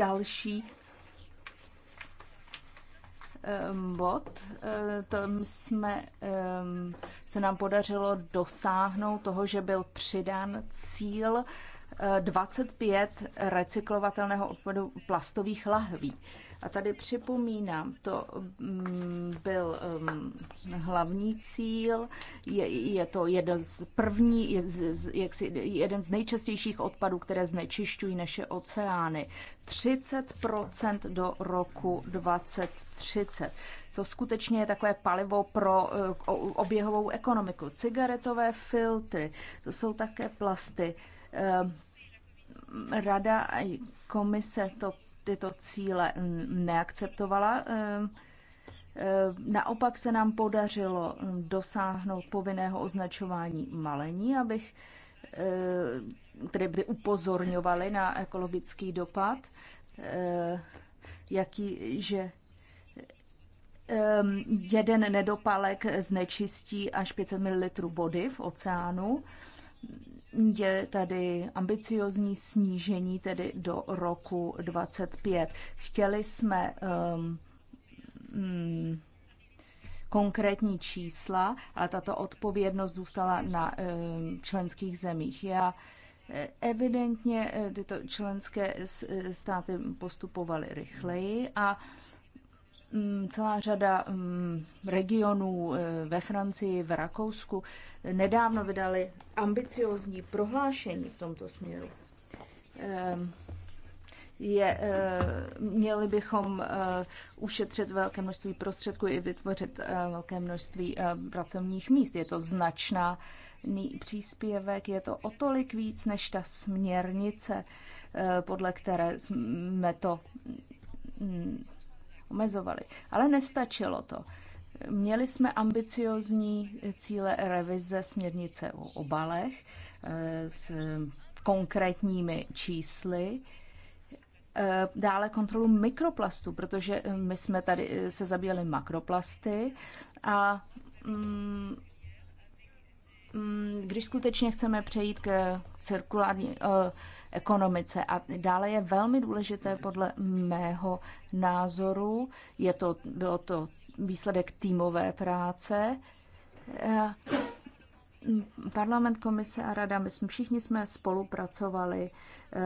další ehm, bod. Eh, to jsme, ehm, se nám podařilo dosáhnout toho, že byl přidán cíl 25 recyklovatelného odpadu plastových lahví. A tady připomínám, to mm, byl mm, hlavní cíl, je, je to jeden z první, je, jaksi, jeden z nejčastějších odpadů, které znečišťují naše oceány. 30 do roku 2030. To skutečně je takové palivo pro eh, oběhovou ekonomiku. Cigaretové filtry, to jsou také plasty. Eh, Rada a komise to, tyto cíle neakceptovala. Eh, eh, naopak se nám podařilo mm, dosáhnout povinného označování malení, abych které by upozorňovaly na ekologický dopad, jaký, že jeden nedopalek znečistí až 500 ml vody v oceánu je tady ambiciozní snížení tedy do roku 25. Chtěli jsme um, um, konkrétní čísla, ale tato odpovědnost zůstala na um, členských zemích. Já eh, evidentně eh, tyto členské eh, státy postupovaly rychleji a Mm, celá řada mm, regionů eh, ve Francii, v Rakousku eh, nedávno vydali ambiciozní prohlášení v tomto směru. Ehm, je, eh, měli bychom ušetřit velké množství prostředků i vytvořit velké množství pracovních míst. Je to značná příspěvek, je to o tolik víc než ta směrnice, podle které jsme to mm, omezovali. Ale nestačilo to. Měli jsme ambiciozní cíle revize směrnice o obalech eh, s konkrétními čísly, eh, dále kontrolu mikroplastů, protože eh, my jsme tady se zabývali makroplasty a mm, Mm, když skutečně chceme přejít k cirkulární eh, ekonomice a dále je velmi důležité podle mého názoru, je to, bylo to výsledek týmové práce, eh, Parlament, komise a rada, my jsme všichni jsme spolupracovali eh,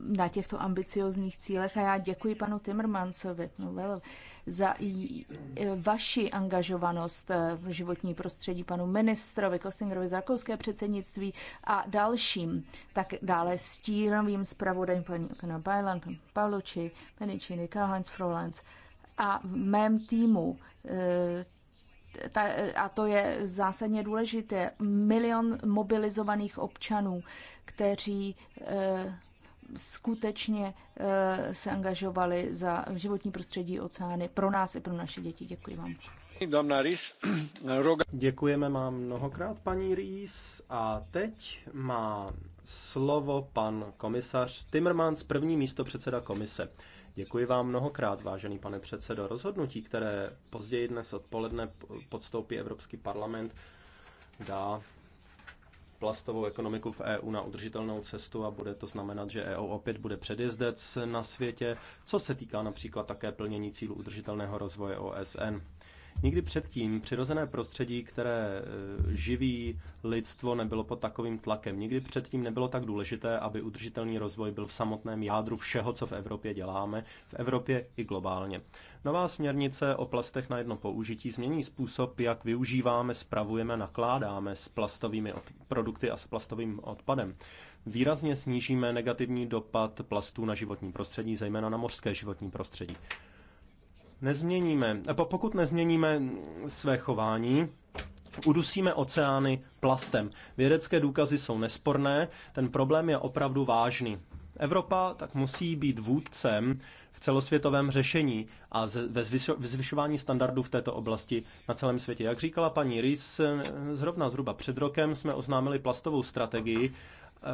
na těchto ambiciozních cílech a já děkuji panu Timmermansovi no, za vaši angažovanost eh, v životní prostředí, panu ministrovi Kostingerovi z rakouské předsednictví a dalším, tak dále stírovým zpravodajem paní Okana Bajlan, pan Paulucci, Peničiny, Karl-Heinz a v mém týmu eh, a to je zásadně důležité, milion mobilizovaných občanů, kteří eh, skutečně eh, se angažovali za životní prostředí oceány pro nás i pro naše děti. Děkuji vám. Děkujeme vám mnohokrát, paní Rýs. A teď má slovo pan komisař Timmermans, první místo předseda komise. Děkuji vám mnohokrát, vážený pane předsedo. Rozhodnutí, které později dnes odpoledne podstoupí Evropský parlament, dá plastovou ekonomiku v EU na udržitelnou cestu a bude to znamenat, že EU opět bude předjezdec na světě, co se týká například také plnění cílů udržitelného rozvoje OSN. Nikdy předtím přirozené prostředí, které e, živí lidstvo, nebylo pod takovým tlakem. Nikdy předtím nebylo tak důležité, aby udržitelný rozvoj byl v samotném jádru všeho, co v Evropě děláme, v Evropě i globálně. Nová směrnice o plastech na jedno použití změní způsob, jak využíváme, spravujeme, nakládáme s plastovými produkty a s plastovým odpadem. Výrazně snížíme negativní dopad plastů na životní prostředí, zejména na mořské životní prostředí nezměníme, pokud nezměníme své chování, udusíme oceány plastem. Vědecké důkazy jsou nesporné, ten problém je opravdu vážný. Evropa tak musí být vůdcem v celosvětovém řešení a ve zvyšování standardů v této oblasti na celém světě. Jak říkala paní Rys, zrovna zhruba před rokem jsme oznámili plastovou strategii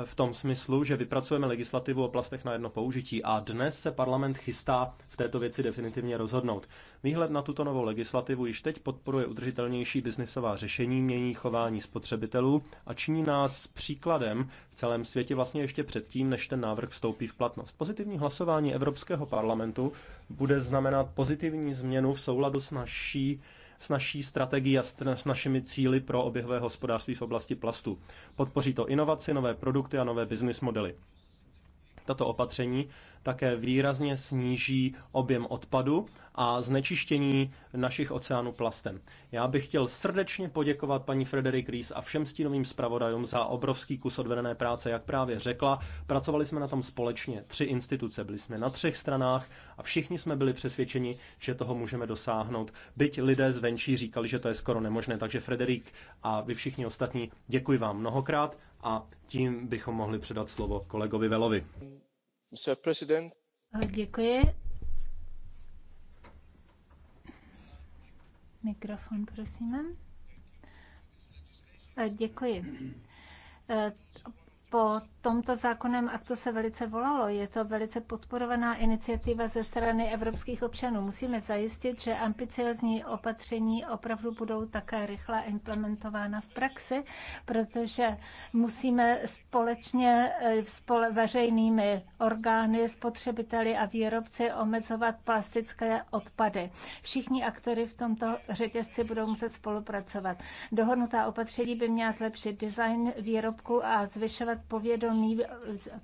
v tom smyslu, že vypracujeme legislativu o plastech na jedno použití a dnes se parlament chystá v této věci definitivně rozhodnout. Výhled na tuto novou legislativu již teď podporuje udržitelnější biznisová řešení, mění chování spotřebitelů a činí nás příkladem v celém světě vlastně ještě předtím, než ten návrh vstoupí v platnost. Pozitivní hlasování Evropského parlamentu bude znamenat pozitivní změnu v souladu s naší s naší strategií a s našimi cíly pro oběhové hospodářství v oblasti plastu. Podpoří to inovaci, nové produkty a nové business modely. Tato opatření také výrazně sníží objem odpadu a znečištění našich oceánů plastem. Já bych chtěl srdečně poděkovat paní Frederik Ries a všem stínovým zpravodajům za obrovský kus odvedené práce, jak právě řekla. Pracovali jsme na tom společně, tři instituce, byli jsme na třech stranách a všichni jsme byli přesvědčeni, že toho můžeme dosáhnout. Byť lidé zvenčí říkali, že to je skoro nemožné, takže Frederik a vy všichni ostatní, děkuji vám mnohokrát a tím bychom mohli předat slovo kolegovi Velovi. Mr. President. Eh, děkuji. Mikrofon, prosím po tomto a aktu se velice volalo. Je to velice podporovaná iniciativa ze strany evropských občanů. Musíme zajistit, že ambiciozní opatření opravdu budou také rychle implementována v praxi, protože musíme společně eh, s veřejnými orgány, spotřebiteli a výrobci omezovat plastické odpady. Všichni aktory v tomto řetězci budou muset spolupracovat. Dohodnutá opatření by měla zlepšit design výrobku a zvyšovat povědomí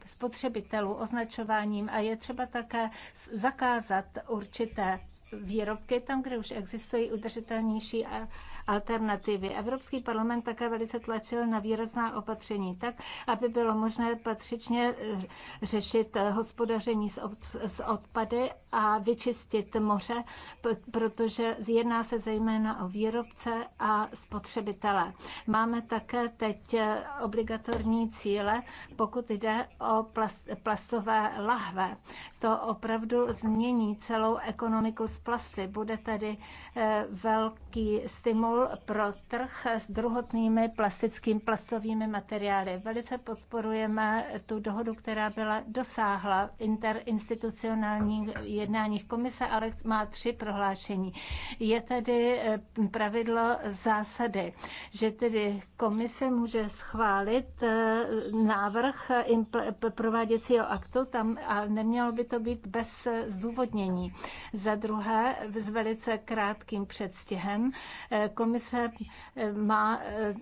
spotřebitelů označováním a je třeba také zakázat určité výrobky tam, kde už existují udržitelnější alternativy. Evropský parlament také velice tlačil na výrazná opatření tak, aby bylo možné patřičně eh, řešit eh, hospodaření s odpady a vyčistit moře, protože jedná se zejména o výrobce a spotřebitele. Máme také teď eh, obligatorní cíle, pokud jde o plastové lahve. To opravdu změní celou ekonomiku plasty. Bude tedy eh, velký stimul pro trh s druhotnými plastickými plastovými materiály. Velice podporujeme tu dohodu, která byla dosáhla interinstitucionální jednáních komise, ale má tři prohlášení. Je tedy eh, pravidlo zásady, že tedy komise může schválit eh, návrh prováděcího aktu tam a nemělo by to být bez zdůvodnění. Za druhé, druhé, s velice krátkým předstihem, eh, komise eh, má, eh,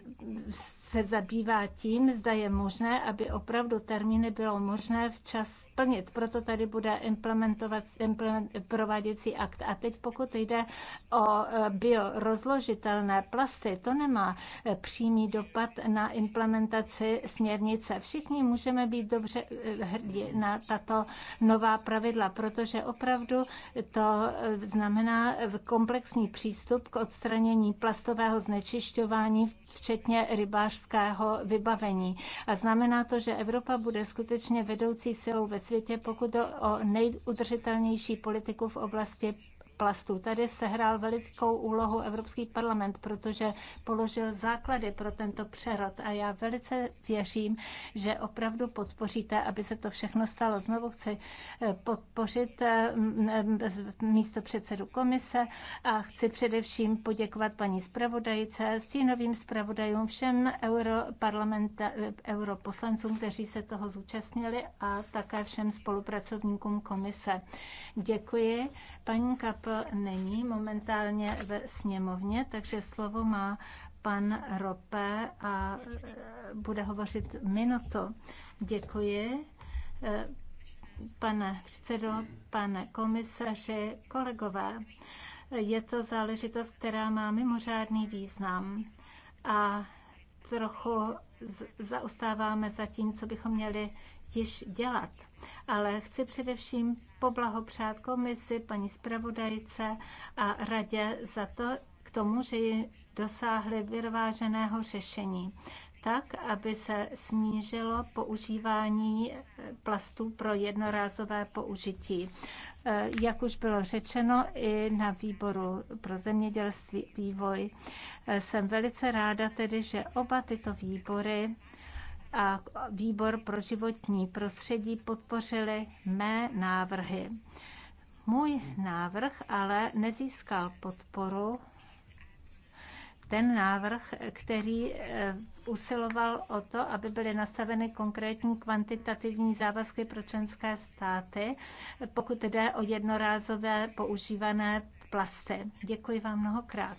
se zabývá tím, zda je možné, aby opravdu termíny bylo možné včas plnit. Proto tady bude implementovat, implement, prováděcí akt. A teď pokud jde o biorozložitelné plasty, to nemá přímý dopad na implementaci směrnice. Všichni můžeme být dobře hrdí na tato nová pravidla, protože opravdu to znamená komplexní přístup k odstranění plastového znečišťování, včetně rybářského vybavení. A znamená to, že Evropa bude skutečně vedoucí silou ve světě, pokud o nejudržitelnější politiku v oblasti plastů. Tady sehrál velikou úlohu Evropský parlament, protože položil základy pro tento přerod a já velice věřím, že opravdu podpoříte, aby se to všechno stalo. Znovu chci eh, podpořit eh, místo předsedu komise a chci především poděkovat paní zpravodajce, stínovým zpravodajům, všem eh, europoslancům, kteří se toho zúčastnili a také všem spolupracovníkům komise. Děkuji. Paní Kap Apple není momentálně ve sněmovně, takže slovo má pan Rope a eh, bude hovořit minuto. Děkuji. Eh, pane předsedo, pane komisaři, kolegové, je to záležitost, která má mimořádný význam a trochu zaostáváme za tím, co bychom měli již dělat ale chci především poblahopřát komisi, paní zpravodajce a radě za to, k tomu, že ji dosáhli vyrováženého řešení tak, aby se snížilo používání eh, plastů pro jednorázové použití. Eh, jak už bylo řečeno i na výboru pro zemědělství vývoj, eh, jsem velice ráda tedy, že oba tyto výbory a výbor pro životní prostředí podpořili mé návrhy. Můj návrh ale nezískal podporu. Ten návrh, který eh, usiloval o to, aby byly nastaveny konkrétní kvantitativní závazky pro členské státy, pokud jde o jednorázové používané plasty. Děkuji vám mnohokrát.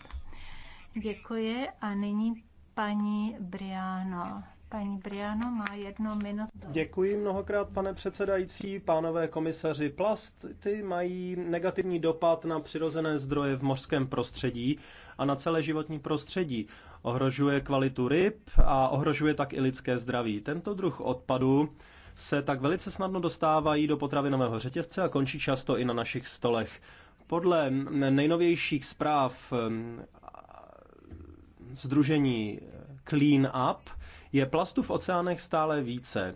Děkuji a nyní paní Briano. Paní Briano má jednu minutu. Děkuji mnohokrát, pane předsedající. Pánové komisaři, plasty mají negativní dopad na přirozené zdroje v mořském prostředí a na celé životní prostředí. Ohrožuje kvalitu ryb a ohrožuje tak i lidské zdraví. Tento druh odpadu se tak velice snadno dostávají do potravinového řetězce a končí často i na našich stolech. Podle nejnovějších zpráv eh, Združení Clean Up je plastu v oceánech stále více.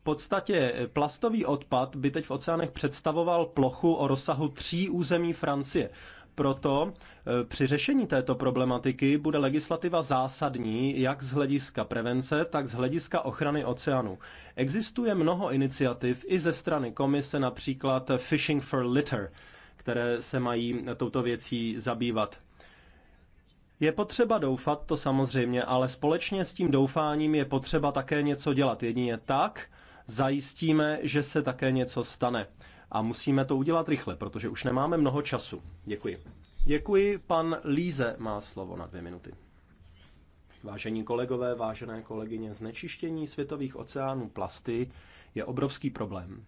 V podstatě plastový odpad by teď v oceánech představoval plochu o rozsahu tří území Francie. Proto e, při řešení této problematiky bude legislativa zásadní jak z hlediska prevence, tak z hlediska ochrany oceánu. Existuje mnoho iniciativ i ze strany komise, například Fishing for Litter, které se mají touto věcí zabývat. Je potřeba doufat, to samozřejmě, ale společně s tím doufáním je potřeba také něco dělat. Jedině tak zajistíme, že se také něco stane. A musíme to udělat rychle, protože už nemáme mnoho času. Děkuji. Děkuji, pan Líze má slovo na dvě minuty. Vážení kolegové, vážené kolegyně, znečištění světových oceánů plasty je obrovský problém.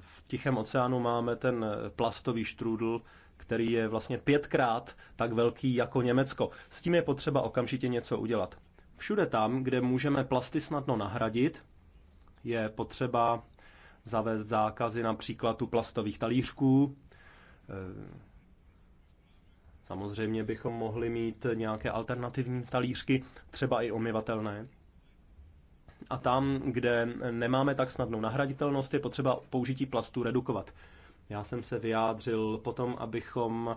V Tichém oceánu máme ten plastový štrůdl, který je vlastně pětkrát tak velký jako Německo. S tím je potřeba okamžitě něco udělat. Všude tam, kde můžeme plasty snadno nahradit, je potřeba zavést zákazy například u plastových talířků. Eh, samozřejmě bychom mohli mít nějaké alternativní talířky, třeba i omyvatelné. A tam, kde nemáme tak snadnou nahraditelnost, je potřeba použití plastů redukovat. Já jsem se vyjádřil potom, abychom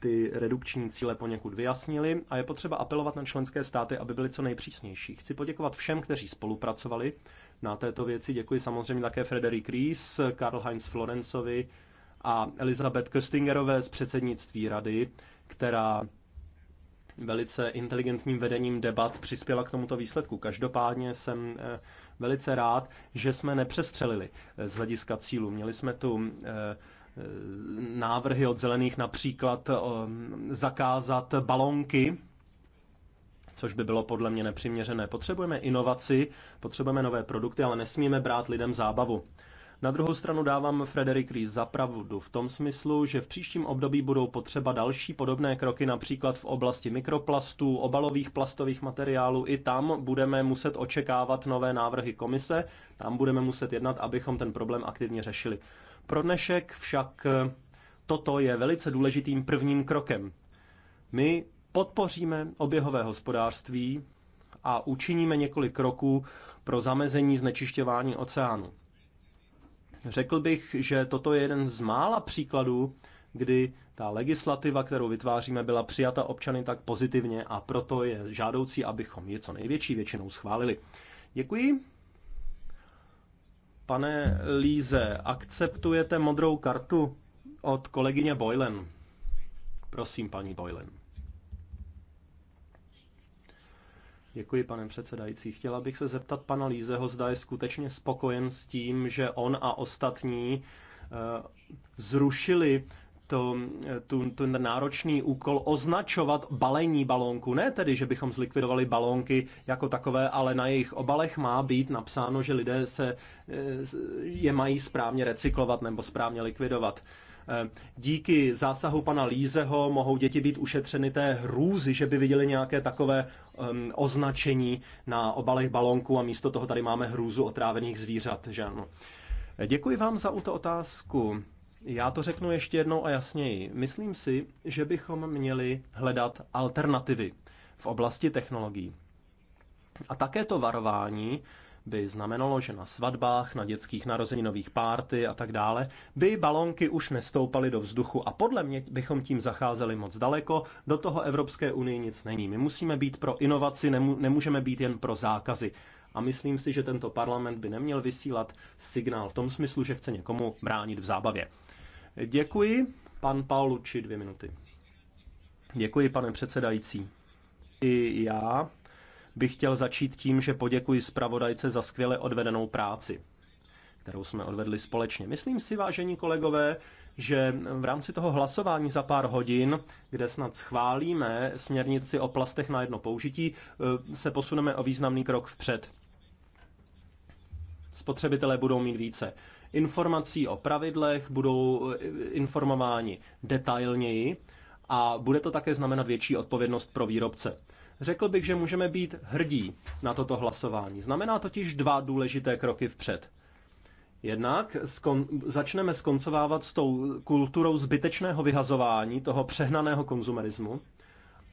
ty redukční cíle poněkud vyjasnili a je potřeba apelovat na členské státy, aby byly co nejpřísnější. Chci poděkovat všem, kteří spolupracovali na této věci. Děkuji samozřejmě také Frederik Ries, Karl Heinz Florencovi a Elizabeth Köstingerové z předsednictví rady, která velice inteligentním vedením debat přispěla k tomuto výsledku. Každopádně jsem eh, velice rád, že jsme nepřestřelili eh, z hlediska cílu. Měli jsme tu eh, návrhy od zelených například eh, zakázat balonky, což by bylo podle mě nepřiměřené. Potřebujeme inovaci, potřebujeme nové produkty, ale nesmíme brát lidem zábavu. Na druhou stranu dávám Frederik Rees za pravdu v tom smyslu, že v příštím období budou potřeba další podobné kroky, například v oblasti mikroplastů, obalových plastových materiálů. I tam budeme muset očekávat nové návrhy komise, tam budeme muset jednat, abychom ten problém aktivně řešili. Pro dnešek však eh, toto je velice důležitým prvním krokem. My podpoříme oběhové hospodářství a učiníme několik kroků pro zamezení znečišťování oceánu. Řekl bych, že toto je jeden z mála příkladů, kdy ta legislativa, kterou vytváříme, byla přijata občany tak pozitivně a proto je žádoucí, abychom je co největší většinou schválili. Děkuji. Pane Líze, akceptujete modrou kartu od kolegyně Boylen? Prosím, paní Boylen. Děkuji, pane předsedající. Chtěla bych se zeptat pana Lízeho, zda je skutečně spokojen s tím, že on a ostatní eh, zrušili to, tu, ten náročný úkol označovat balení balónku. Ne tedy, že bychom zlikvidovali balónky jako takové, ale na jejich obalech má být napsáno, že lidé se eh, je mají správně recyklovat nebo správně likvidovat. Eh, díky zásahu pana Lízeho mohou děti být ušetřeny té hrůzy, že by viděli nějaké takové um, označení na obalech balónku a místo toho tady máme hrůzu otrávených zvířat. Že ano. Děkuji vám za tuto otázku. Já to řeknu ještě jednou a jasněji. Myslím si, že bychom měli hledat alternativy v oblasti technologií. A také to varování by znamenalo, že na svatbách, na dětských narozeninových párty a tak dále by balonky už nestoupaly do vzduchu a podle mě bychom tím zacházeli moc daleko, do toho Evropské unii nic není. My musíme být pro inovaci, nemů- nemůžeme být jen pro zákazy. A myslím si, že tento parlament by neměl vysílat signál v tom smyslu, že chce někomu bránit v zábavě. Děkuji. Pan Paulucci, dvě minuty. Děkuji, pane předsedající. I já bych chtěl začít tím, že poděkuji zpravodajce za skvěle odvedenou práci, kterou jsme odvedli společně. Myslím si, vážení kolegové, že v rámci toho hlasování za pár hodin, kde snad schválíme směrnici o plastech na jedno použití, eh, se posuneme o významný krok vpřed. Spotřebitelé budou mít více informací o pravidlech, budou eh, informováni detailněji a bude to také znamenat větší odpovědnost pro výrobce. Řekl bych, že můžeme být hrdí na toto hlasování. Znamená totiž dva důležité kroky vpřed. Jednak skon, začneme skoncovávat s tou kulturou zbytečného vyhazování, toho přehnaného konzumerismu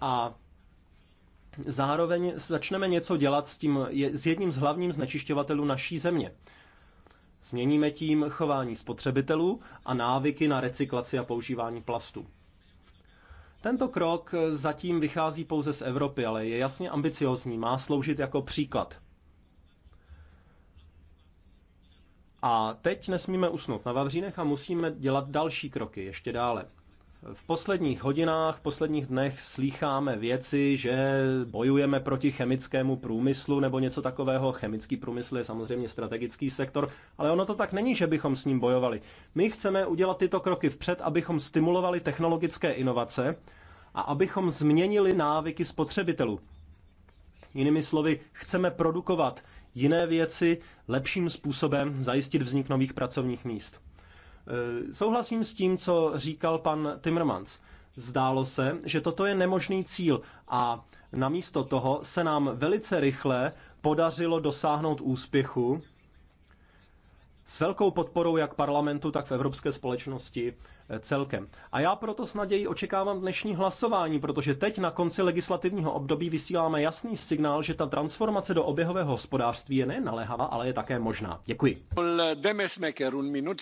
a zároveň začneme něco dělat s, tím, s jedním z hlavním znečišťovatelů naší země. Změníme tím chování spotřebitelů a návyky na recyklaci a používání plastu. Tento krok zatím vychází pouze z Evropy, ale je jasně ambiciozní, má sloužit jako příklad. A teď nesmíme usnout na Vavřínech a musíme dělat další kroky ještě dále. V posledních hodinách, v posledních dnech slýcháme věci, že bojujeme proti chemickému průmyslu nebo něco takového. Chemický průmysl je samozřejmě strategický sektor, ale ono to tak není, že bychom s ním bojovali. My chceme udělat tyto kroky vpřed, abychom stimulovali technologické inovace a abychom změnili návyky spotřebitelů. Jinými slovy, chceme produkovat jiné věci lepším způsobem, zajistit vznik nových pracovních míst. Eh, souhlasím s tím, co říkal pan Timmermans. Zdálo se, že toto je nemožný cíl a namísto toho se nám velice rychle podařilo dosáhnout úspěchu s velkou podporou jak parlamentu, tak v evropské společnosti eh, celkem. A já proto s nadějí očekávám dnešní hlasování, protože teď na konci legislativního období vysíláme jasný signál, že ta transformace do oběhového hospodářství je nejen naléhavá, ale je také možná. Děkuji. minut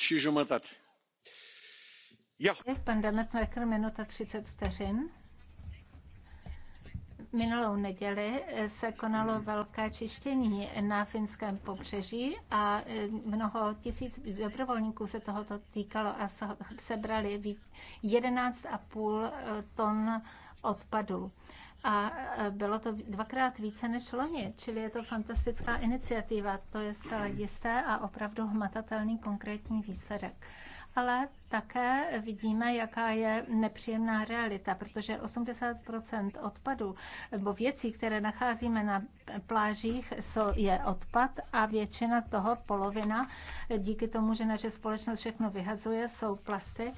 Pan Demesmecker, minuta 30 vteřin. Minulou neděli eh, se konalo hmm. velké čištění na finském pobřeží a eh, mnoho tisíc dobrovolníků se tohoto týkalo a sebrali 11,5 eh, ton odpadů a bylo to dvakrát více než loni, čili je to fantastická iniciativa, to je zcela jisté a opravdu hmatatelný konkrétní výsledek. Ale také vidíme, jaká je nepříjemná realita, protože 80 odpadu nebo věcí, které nacházíme na plážích, je odpad a většina toho, polovina, díky tomu, že naše společnost všechno vyhazuje, jsou plasty,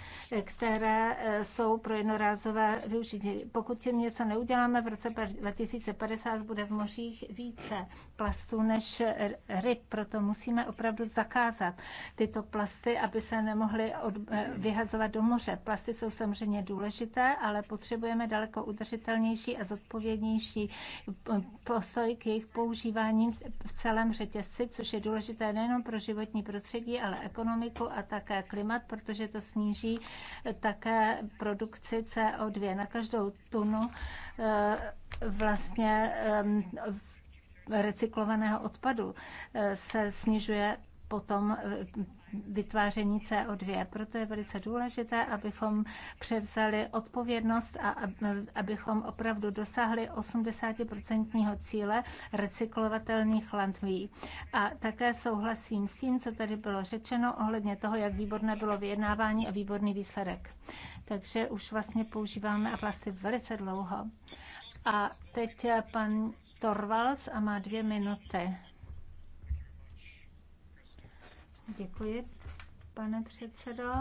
které eh, jsou pro jednorázové využití. Pokud tím něco neuděláme, v roce 2050 bude v mořích více plastů než ryb, proto musíme opravdu zakázat tyto plasty, aby se nemohly od, eh, vyhazovat do moře. Plasty jsou samozřejmě důležité, ale potřebujeme daleko udržitelnější a zodpovědnější posoj k jejich používání v celém řetězci, což je důležité nejenom pro životní prostředí, ale ekonomiku a také klimat, protože to sníží také produkci CO2. Na každou tunu eh, vlastně eh, recyklovaného odpadu eh, se snižuje potom vytváření CO2. Proto je velice důležité, abychom převzali odpovědnost a abychom opravdu dosáhli 80% cíle recyklovatelných lantví. A také souhlasím s tím, co tady bylo řečeno ohledně toho, jak výborné bylo vyjednávání a výborný výsledek. Takže už vlastně používáme a plasty velice dlouho. A teď pan Torvalds a má dvě minuty. Děkuji, pane předsedo,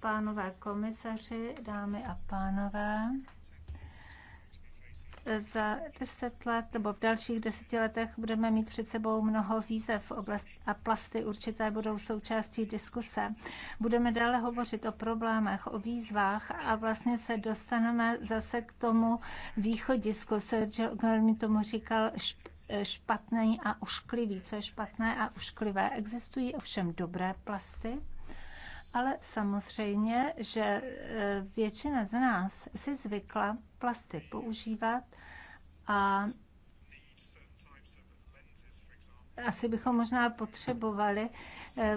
pánové komisaři, dámy a pánové za deset let nebo v dalších deseti letech budeme mít před sebou mnoho výzev oblast, a plasty určité budou součástí diskuse. Budeme dále hovořit o problémech, o výzvách a vlastně se dostaneme zase k tomu východisku. Sergio Gormi tomu říkal špatný a ušklivý. co je špatné a ušklivé? Existují ovšem dobré plasty, ale samozřejmě, že e, většina z nás si zvykla plasty používat a asi bychom možná potřebovali e,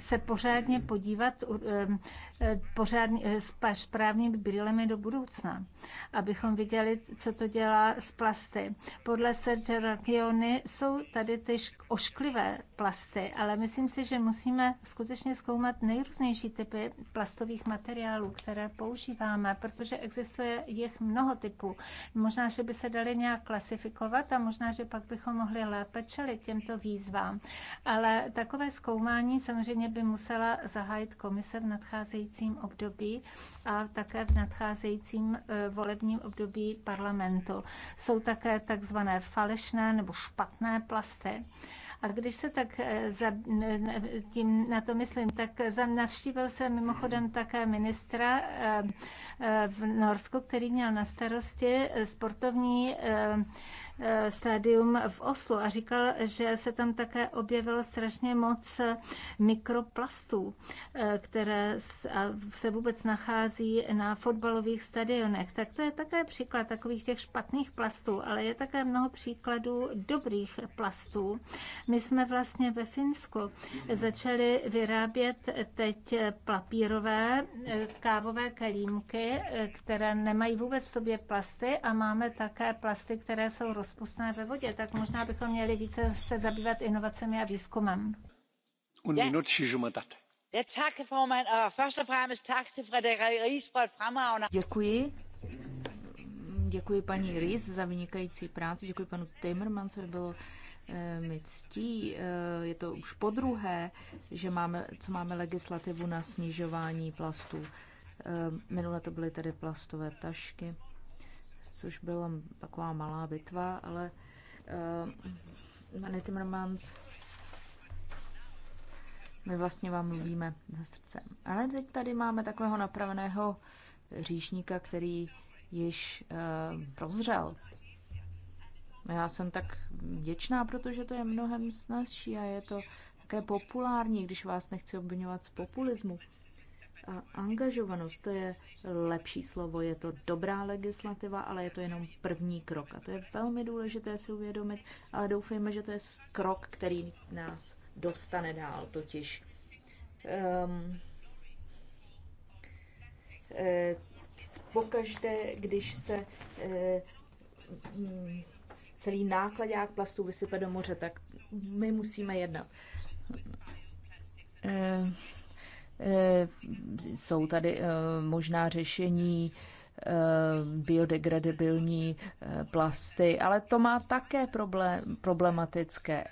se pořádně podívat e, pořádný, eh, s správnými brýlemi do budoucna, abychom viděli, co to dělá s plasty. Podle Serge Rakiony jsou tady ty ošklivé plasty, ale myslím si, že musíme skutečně zkoumat nejrůznější typy plastových materiálů, které používáme, protože existuje jich mnoho typů. Možná, že by se daly nějak klasifikovat a možná, že pak bychom mohli lépe čelit těmto výzvám. Ale takové zkoumání samozřejmě by musela zahájit komise v nadcházející nadcházejícím období a také v nadcházejícím e, volebním období parlamentu. Jsou také takzvané falešné nebo špatné plasty. A když se tak e, za, tím na to myslím, tak navštívil jsem mimochodem také ministra e, v Norsku, který měl na starosti sportovní Eh, stádium v Oslu a říkal, že se tam také objevilo strašně moc mikroplastů, eh, které se vůbec nachází na fotbalových stadionech. Tak to je také příklad takových těch špatných plastů, ale je také mnoho příkladů dobrých plastů. My jsme vlastně ve Finsku začali vyrábět teď papírové eh, kávové kelímky, které nemají vůbec v sobě plasty a máme také plasty, které jsou rozpustné ve vodě, tak možná bychom měli více se zabývat inovacemi a výzkumem. Un minut și jumătate. Děkuji. Děkuji paní Rys za vynikající práci, děkuji panu Timmermansovi, bylo eh, mi ctí. Eh, je to už po druhé, že máme, co máme legislativu na snižování plastů. Eh, minule to byly tedy plastové tašky což byla taková malá bitva, ale uh, eh, Manny Timmermans, my vlastně vám mluvíme za srdcem. Ale teď tady máme takového napraveného říšníka, který již uh, prozřel. Já jsem tak vděčná, protože to je mnohem snazší a je to také populární, když vás nechci obvinovat z populismu. Angažovanost, to je lepší slovo, je to dobrá legislativa, ale je to jenom první krok. A to je velmi důležité si uvědomit, ale doufejme, že to je krok, který nás dostane dál, totiž um, eh, pokaždé, když se eh, celý nákladák plastů vysype do moře, tak my musíme jednat. Eh, Eh, jsou tady eh, možná řešení eh, biodegradabilní plasty, ale to má také problém, problematické.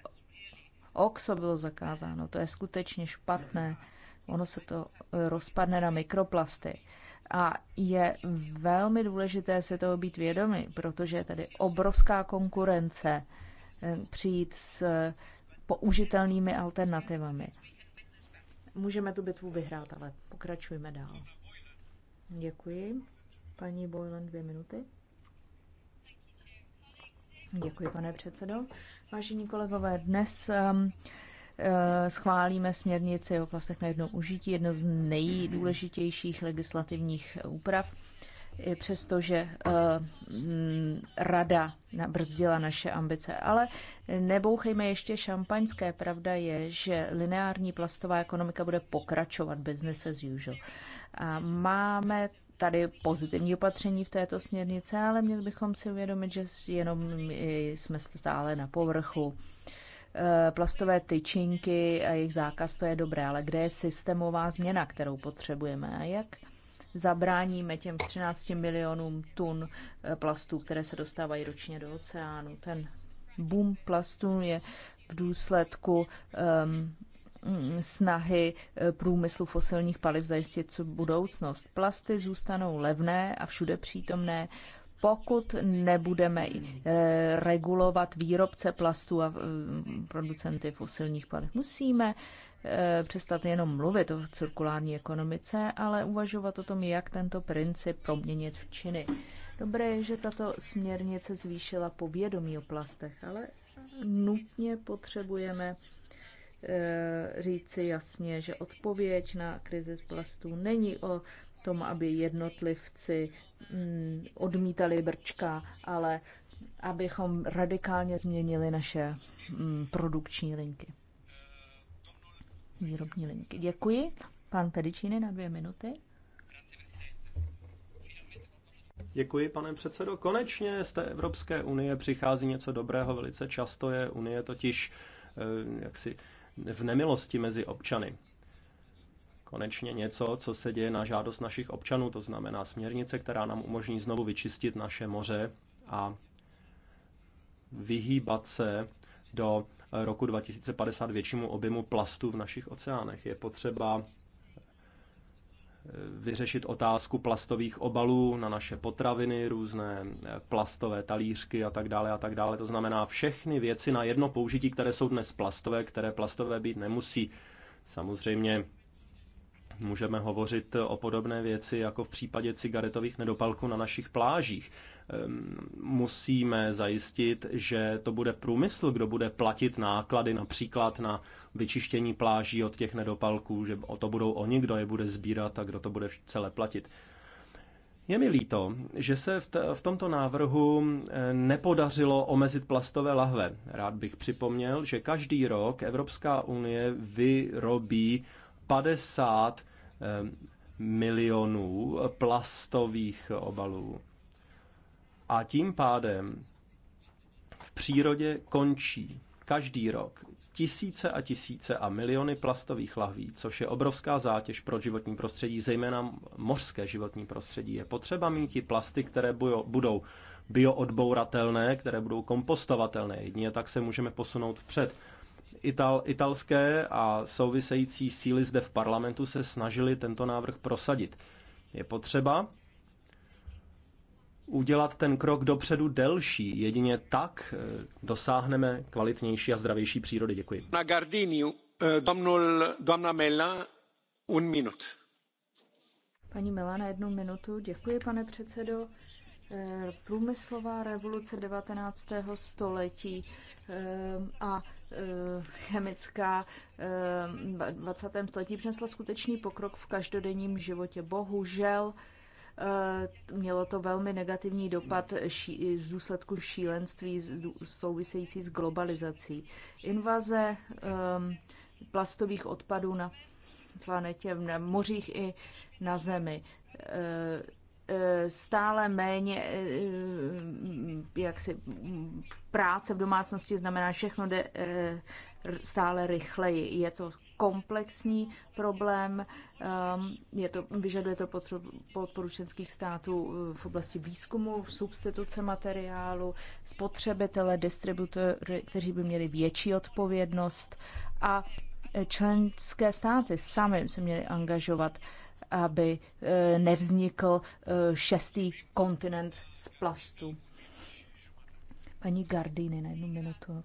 OXO bylo zakázáno, to je skutečně špatné. Ono se to rozpadne na mikroplasty. A je velmi důležité se toho být vědomi, protože je tady obrovská konkurence přijít s použitelnými alternativami. Můžeme tu bitvu vyhrát, ale pokračujeme dál. Děkuji. Paní Boylan, dvě minuty. Děkuji, pane předsedo. Vážení kolegové, dnes um, eh, schválíme směrnici o plastech na jedno užití, jedno z nejdůležitějších legislativních úprav i přesto, že eh, mm, rada nabrzdila naše ambice. Ale nebouchejme ještě šampaňské. Pravda je, že lineární plastová ekonomika bude pokračovat business as usual. A máme tady pozitivní opatření v této směrnici, ale měli bychom si uvědomit, že jenom jsme stále na povrchu. Eh, plastové tyčinky a jejich zákaz, to je dobré, ale kde je systémová změna, kterou potřebujeme a jak zabráníme těm 13 milionům tun eh, plastů, které se dostávají ročně do oceánu. Ten boom plastů je v důsledku um, snahy eh, průmyslu fosilních paliv zajistit co budoucnost. Plasty zůstanou levné a všude přítomné, pokud nebudeme eh, regulovat výrobce plastů a producenty fosilních paliv. Musíme Eh, přestat jenom mluvit o cirkulární ekonomice, ale uvažovat o tom, jak tento princip proměnit v činy. Dobré je, že tato směrnice zvýšila povědomí o plastech, ale nutně potřebujeme eh, říci jasně, že odpověď na krizi plastů není o tom, aby jednotlivci mm, odmítali brčka, ale abychom radikálně změnili naše mm, produkční linky výrobní linky. Děkuji. Pan Pedicini na dvě minuty. Děkuji, pane předsedo. Konečně z té Evropské unie přichází něco dobrého. Velice často je unie totiž eh, jaksi v nemilosti mezi občany. Konečně něco, co se děje na žádost našich občanů, to znamená směrnice, která nám umožní znovu vyčistit naše moře a vyhýbat se do roku 2050 většímu objemu plastu v našich oceánech. Je potřeba eh, vyřešit otázku plastových obalů na naše potraviny, různé eh, plastové talířky a tak dále a tak dále. To znamená všechny věci na jedno použití, které jsou dnes plastové, které plastové být nemusí. Samozřejmě Můžeme hovořit o podobné věci jako v případě cigaretových nedopalků na našich plážích. Ehm, musíme zajistit, že to bude průmysl, kdo bude platit náklady například na vyčištění pláží od těch nedopalků, že o to budou oni, kdo je bude sbírat a kdo to bude celé platit. Je mi líto, že se v, t- v tomto návrhu eh, nepodařilo omezit plastové lahve. Rád bych připomněl, že každý rok Evropská unie vyrobí 50 Eh, milionů plastových obalů. A tím pádem v přírodě končí každý rok tisíce a tisíce a miliony plastových lahví, což je obrovská zátěž pro životní prostředí, zejména mořské životní prostředí. Je potřeba mít i plasty, které budou bioodbouratelné, které budou kompostovatelné. Jedině tak se můžeme posunout vpřed. Ital, italské a související síly zde v parlamentu se snažili tento návrh prosadit. Je potřeba udělat ten krok dopředu delší. Jedině tak eh, dosáhneme kvalitnější a zdravější přírody. Děkuji. Na Gardiniu, eh, domnul, domna Mela, un minut. Paní Mela na jednu minutu. Děkuji, pane předsedo. Eh, průmyslová revoluce 19. století a Eh, chemická eh, v 20. století přinesla skutečný pokrok v každodenním životě. Bohužel eh, mělo to velmi negativní dopad z důsledku šílenství související s globalizací. Invaze plastových odpadů na planetě, na mořích i na zemi stále méně eh, eh, jak si, práce v domácnosti znamená, všechno jde eh, stále rychleji. Je to komplexní problém, ehm, je to, vyžaduje to podporu členských států v oblasti výzkumu, substituce materiálu, spotřebitele, distributory, kteří by měli větší odpovědnost a členské státy sami se měly angažovat aby eh, nevznikl eh, šestý kontinent z plastu. Paní Gardiny na jednu minutu.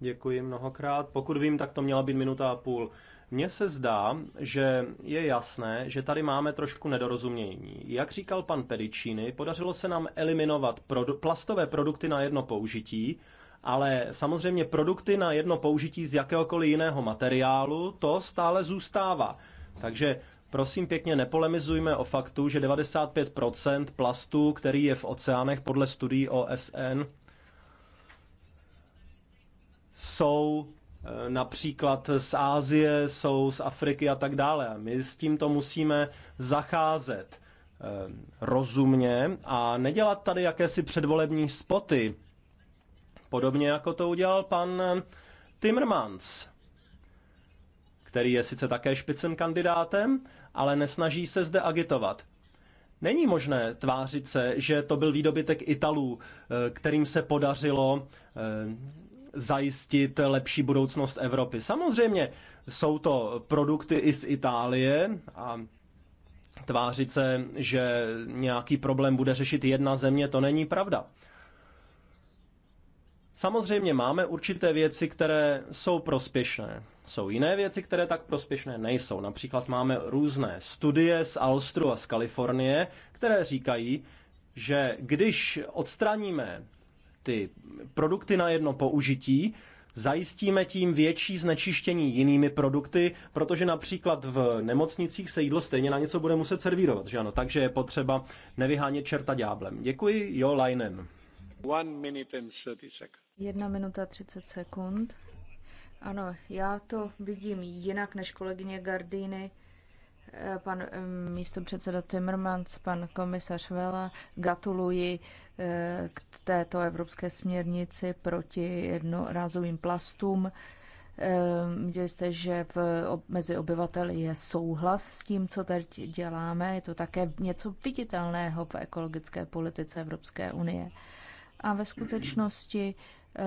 Děkuji mnohokrát. Pokud vím, tak to měla být minuta a půl. Mně se zdá, že je jasné, že tady máme trošku nedorozumění. Jak říkal pan Pedicini, podařilo se nám eliminovat produ- plastové produkty na jedno použití, ale samozřejmě produkty na jedno použití z jakéhokoliv jiného materiálu, to stále zůstává. Takže prosím pěkně nepolemizujme o faktu, že 95% plastu, který je v oceánech podle studií OSN, jsou e, například z Ázie, jsou z Afriky a tak dále. My s tímto musíme zacházet e, rozumně a nedělat tady jakési předvolební spoty. Podobně jako to udělal pan Timmermans který je sice také špicen kandidátem, ale nesnaží se zde agitovat. Není možné tvářit se, že to byl výdobytek Italů, eh, kterým se podařilo eh, zajistit lepší budoucnost Evropy. Samozřejmě jsou to produkty i z Itálie a tvářit se, že nějaký problém bude řešit jedna země, to není pravda. Samozřejmě máme určité věci, které jsou prospěšné. Jsou jiné věci, které tak prospěšné nejsou. Například máme různé studie z Alstru a z Kalifornie, které říkají, že když odstraníme ty produkty na jedno použití, Zajistíme tím větší znečištění jinými produkty, protože například v nemocnicích se jídlo stejně na něco bude muset servírovat, že ano? Takže je potřeba nevyhánět čerta dňáblem. Děkuji, jo, Leinen. One minute and 30 seconds. Jedna minuta 30 sekund. Ano, já to vidím jinak než kolegyně Gardiny, eh, pan eh, místo předseda Timmermans, pan komisař Vela. Gratuluji eh, k této evropské směrnici proti jednorázovým plastům. Viděli jste, že v, mezi obyvateli je souhlas s tím, co teď děláme. Je to také něco viditelného v ekologické politice Evropské unie. A ve skutečnosti Eh,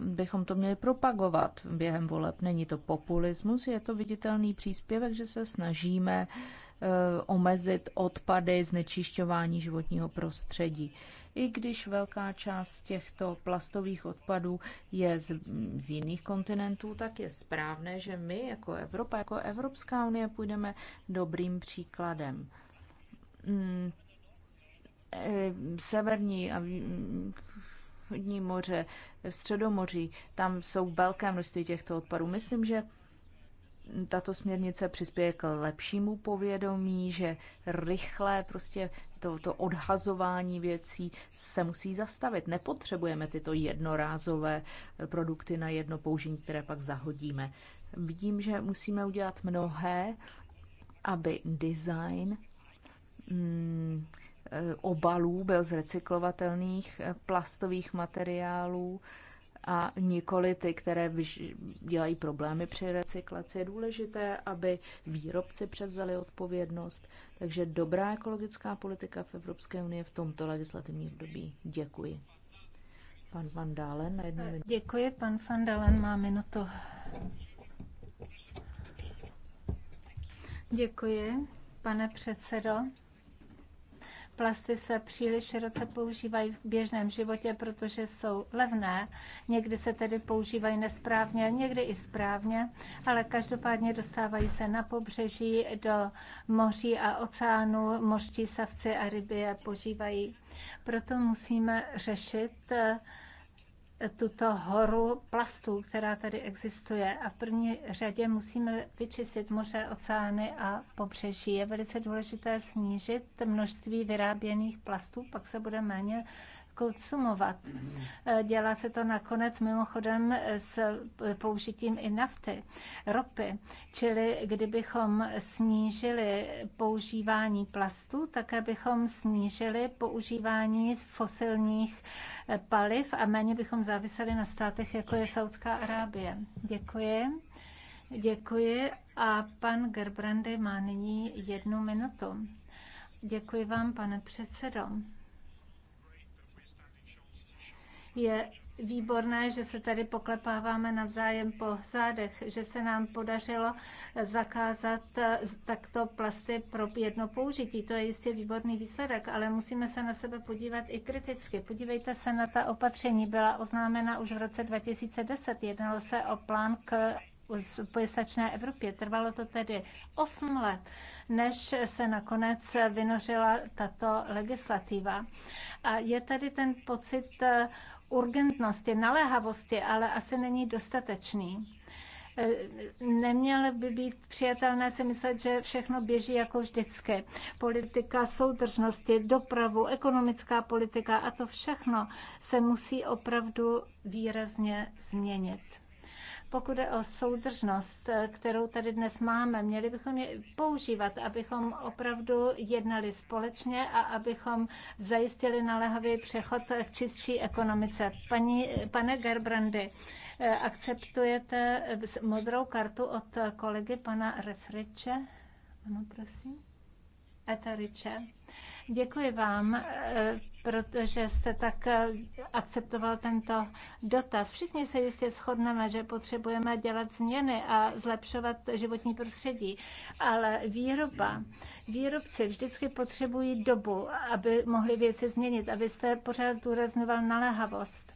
bychom to měli propagovat během voleb. Není to populismus, je to viditelný příspěvek, že se snažíme eh, omezit odpady, znečišťování životního prostředí. I když velká část těchto plastových odpadů je z, z jiných kontinentů, tak je správné, že my jako Evropa, jako Evropská unie půjdeme dobrým příkladem. Mm, eh, severní a východní moře, středomoří, tam jsou velké množství těchto odpadů. Myslím, že tato směrnice přispěje k lepšímu povědomí, že rychle, prostě to, to odhazování věcí se musí zastavit. Nepotřebujeme tyto jednorázové produkty na jedno použití, které pak zahodíme. Vidím, že musíme udělat mnohé, aby design mm, Eh, obalů byl z recyklovatelných eh, plastových materiálů a nikoli ty, které dělají problémy při recyklaci. Je důležité, aby výrobci převzali odpovědnost, takže dobrá ekologická politika v Evropské unii v tomto legislativním období. Děkuji. Pan Van Dalen na jednu minutu. Děkuji, pan Van Dalen má minutu. Děkuji, pane předsedo. Plasty se příliš široce používají v běžném životě, protože jsou levné. Někdy se tedy používají nesprávně, někdy i správně, ale každopádně dostávají se na pobřeží do moří a oceánu. Mořští savci a ryby je požívají. Proto musíme řešit eh, tuto horu plastů, která tady existuje. A v první řadě musíme vyčistit moře, oceány a pobřeží. Je velice důležité snížit množství vyráběných plastů, pak se bude méně konsumovat. Mhm. Eh, dělá se to nakonec mimochodem s eh, použitím i nafty, ropy. Čili kdybychom snížili používání plastů, tak bychom snížili používání fosilních eh, paliv a méně bychom záviseli na státech, jako je Saudská Arábie. Děkuji. Děkuji a pan Gerbrandy má nyní jednu minutu. Děkuji vám, pane předsedo. Je výborné, že se tady poklepáváme navzájem po zádech, že se nám podařilo zakázat eh, takto plasty pro jedno použití. To je jistě výborný výsledek, ale musíme se na sebe podívat i kriticky. Podívejte se na ta opatření. Byla oznámena už v roce 2010. Jednalo se o plán k pojistačné Evropě. Trvalo to tedy 8 let, než se nakonec vynořila tato legislativa. A je tady ten pocit eh, urgentnosti, naléhavosti, ale asi není dostatečný eh, nemělo by být přijatelné si myslet, že všechno běží jako vždycky. Politika soudržnosti, dopravu, ekonomická politika a to všechno se musí opravdu výrazně změnit. Pokud je o soudržnost, eh, kterou tady dnes máme, měli bychom ji používat, abychom opravdu jednali společně a abychom zajistili naléhavý přechod k čistší ekonomice. Paní, pane Gerbrandy, eh, akceptujete eh, modrou kartu od kolegy pana Refriče? Ano, prosím. Eteriče. Děkuji vám, eh, protože jste tak eh, akceptoval tento dotaz. Všichni se jistě shodneme, že potřebujeme dělat změny a zlepšovat životní prostředí, ale výroba, výrobci vždycky potřebují dobu, aby mohli věci změnit. A pořád zdůrazňoval naléhavost.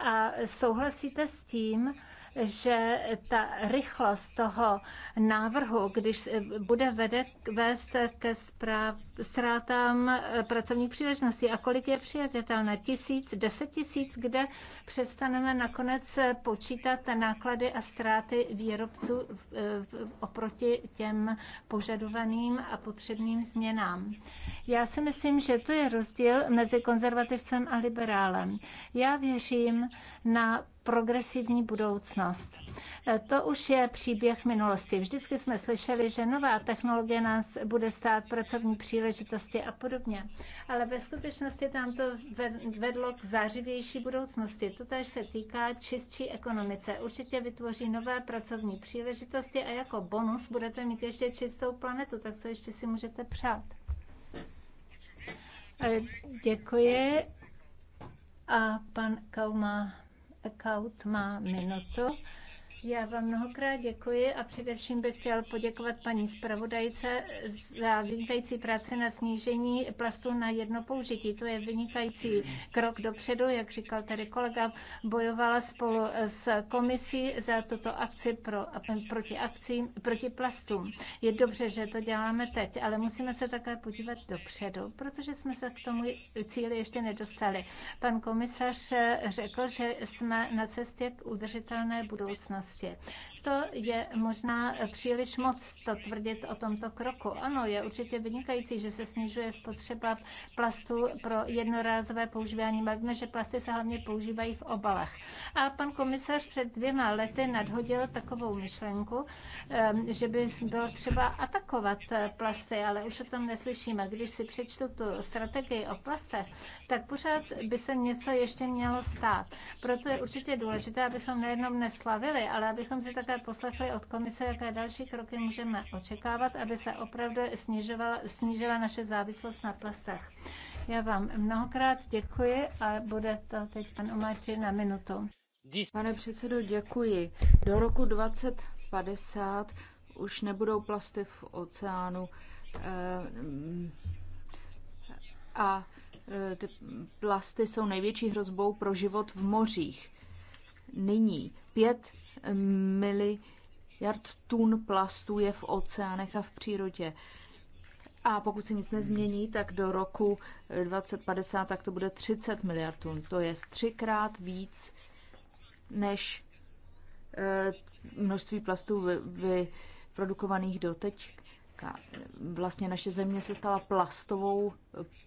A souhlasíte s tím, že ta rychlost toho návrhu, když bude vede, vést ke správ, ztrátám eh, pracovní příležitosti, A kolik je přijatelné? Tisíc, deset tisíc, kde přestaneme nakonec eh, počítat náklady a ztráty výrobců eh, oproti těm požadovaným a potřebným změnám. Já si myslím, že to je rozdíl mezi konzervativcem a liberálem. Já věřím na progresivní budoucnost. To už je příběh minulosti. Vždycky jsme slyšeli, že nová technologie nás bude stát pracovní příležitosti a podobně. Ale ve skutečnosti tam to vedlo k zářivější budoucnosti. To tež se týká čistší ekonomice. Určitě vytvoří nové pracovní příležitosti a jako bonus budete mít ještě čistou planetu, tak co ještě si můžete přát. E, děkuji. A pan Kauma, Kaut má minutu. Já vám mnohokrát děkuji a především bych chtěl poděkovat paní zpravodajce za vynikající práci na snížení plastu na jedno použití. To je vynikající krok dopředu, jak říkal tady kolega. Bojovala spolu s komisí za tuto akci pro, proti akcím, proti plastům. Je dobře, že to děláme teď, ale musíme se také podívat dopředu, protože jsme se k tomu cíli ještě nedostali. Pan komisař řekl, že jsme na cestě k udržitelné budoucnosti prostě to je možná příliš moc to tvrdit o tomto kroku. Ano, je určitě vynikající, že se snižuje spotřeba plastů pro jednorázové používání. Bavíme, že plasty se hlavně používají v obalech. A pan komisař před dvěma lety nadhodil takovou myšlenku, ehm, že by bylo třeba atakovat plasty, ale už o tom neslyšíme. Když si přečtu tu strategii o plastech, tak pořád by se něco ještě mělo stát. Proto je určitě důležité, abychom nejenom neslavili, ale abychom si tak také poslechli od komise, jaké další kroky můžeme očekávat, aby se opravdu snižovala, snižila naše závislost na plastech. Já vám mnohokrát děkuji a bude to teď pan Umarči na minutu. Pane předsedo, děkuji. Do roku 2050 už nebudou plasty v oceánu eh, a eh, ty plasty jsou největší hrozbou pro život v mořích. Nyní pět miliard tun plastů je v oceánech a v přírodě. A pokud se nic nezmění, tak do roku 2050 tak to bude 30 miliard tun. To je třikrát víc než e, množství plastů vyprodukovaných doteď. Vlastně naše země se stala plastovou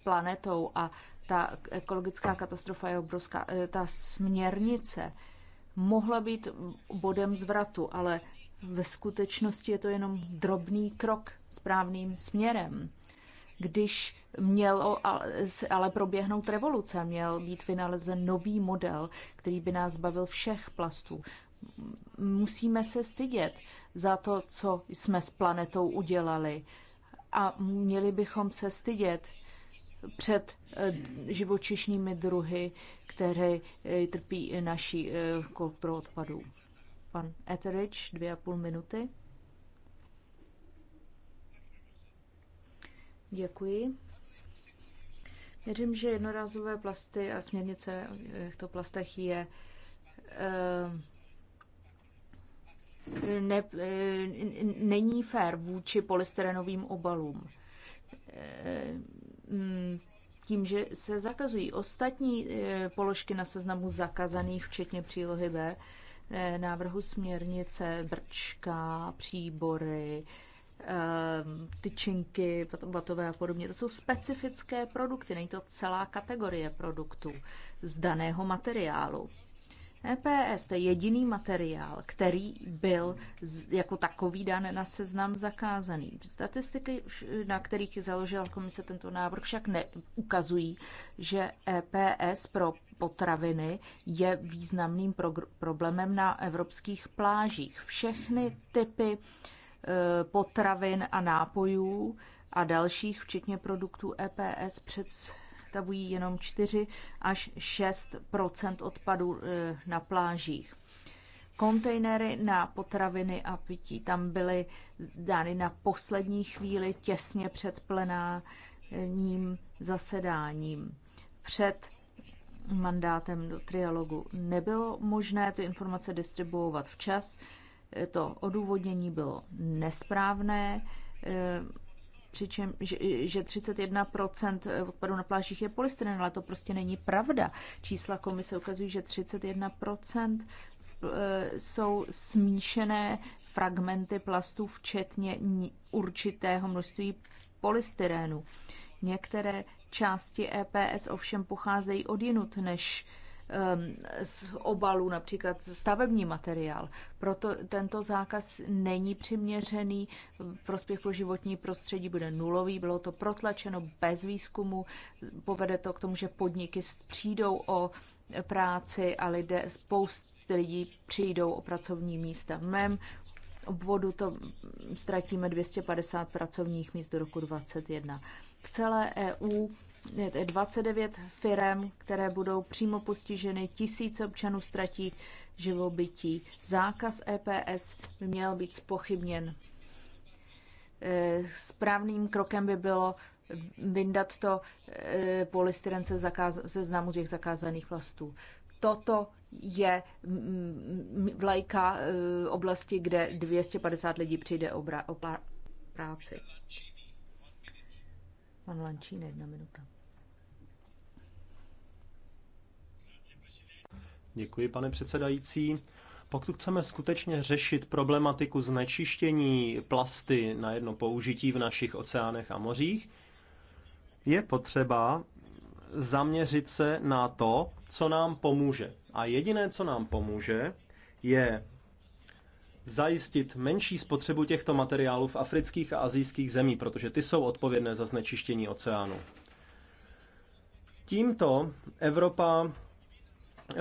planetou a ta ekologická katastrofa je obrovská. E, ta směrnice mohla být bodem zvratu, ale ve skutečnosti je to jenom drobný krok správným směrem. Když měl, ale proběhnout revoluce, měl být vynalezen nový model, který by nás zbavil všech plastů. Musíme se stydět za to, co jsme s planetou udělali. A měli bychom se stydět před eh, živočišnými druhy, které eh, trpí naší eh, kulturu odpadů. Pan Etheridge, dvě a půl minuty. Děkuji. Věřím, že jednorázové plasty a směrnice v těchto plastech je ne, není fér vůči polystyrenovým obalům Mm, tím, že se zakazují ostatní eh, položky na seznamu zakazaných, včetně přílohy B, eh, návrhu směrnice, brčka, příbory, ehm, tyčinky, batové a podobně. To jsou specifické produkty, není to celá kategorie produktů z daného materiálu. EPS to je jediný materiál, který byl jako takový dan na seznam zakázaný. Statistiky, na kterých založila komise tento návrh, však neukazují, že EPS pro potraviny je významným problémem na evropských plážích. Všechny typy e, potravin a nápojů a dalších, včetně produktů EPS, před představují jenom 4 až 6 odpadu eh, na plážích. Kontejnery na potraviny a pití tam byly dány na poslední chvíli těsně před plenárním zasedáním. Před mandátem do trialogu nebylo možné ty informace distribuovat včas, to odůvodnění bylo nesprávné, eh, přičem, že, že 31% odpadu na plážích je polystyren, ale to prostě není pravda. Čísla komise ukazují, že 31% eh, jsou smíšené fragmenty plastů, včetně určitého množství polystyrenu. Některé části EPS ovšem pocházejí jinut než Ehm, z obalů, například stavební materiál. Proto tento zákaz není přiměřený, prospěch pro životní prostředí bude nulový, bylo to protlačeno bez výzkumu, povede to k tomu, že podniky přijdou o práci a lidé, spoust lidí přijdou o pracovní místa. V mém obvodu to ztratíme 250 pracovních míst do roku 2021. V celé EU 29 firem, které budou přímo postiženy, tisíce občanů ztratí živobytí. Zákaz EPS by měl být spochybněn. Eh, správným krokem by bylo vyndat to eh, polystyren se, zakáz- těch zakázaných plastů. Toto je mm, mm, vlajka eh, oblasti, kde 250 lidí přijde o, o práci. Pan Lančín, jedna minuta. Děkuji, pane předsedající. Pokud chceme skutečně řešit problematiku znečištění plasty na jedno použití v našich oceánech a mořích, je potřeba zaměřit se na to, co nám pomůže. A jediné, co nám pomůže, je zajistit menší spotřebu těchto materiálů v afrických a azijských zemích, protože ty jsou odpovědné za znečištění oceánu. Tímto Evropa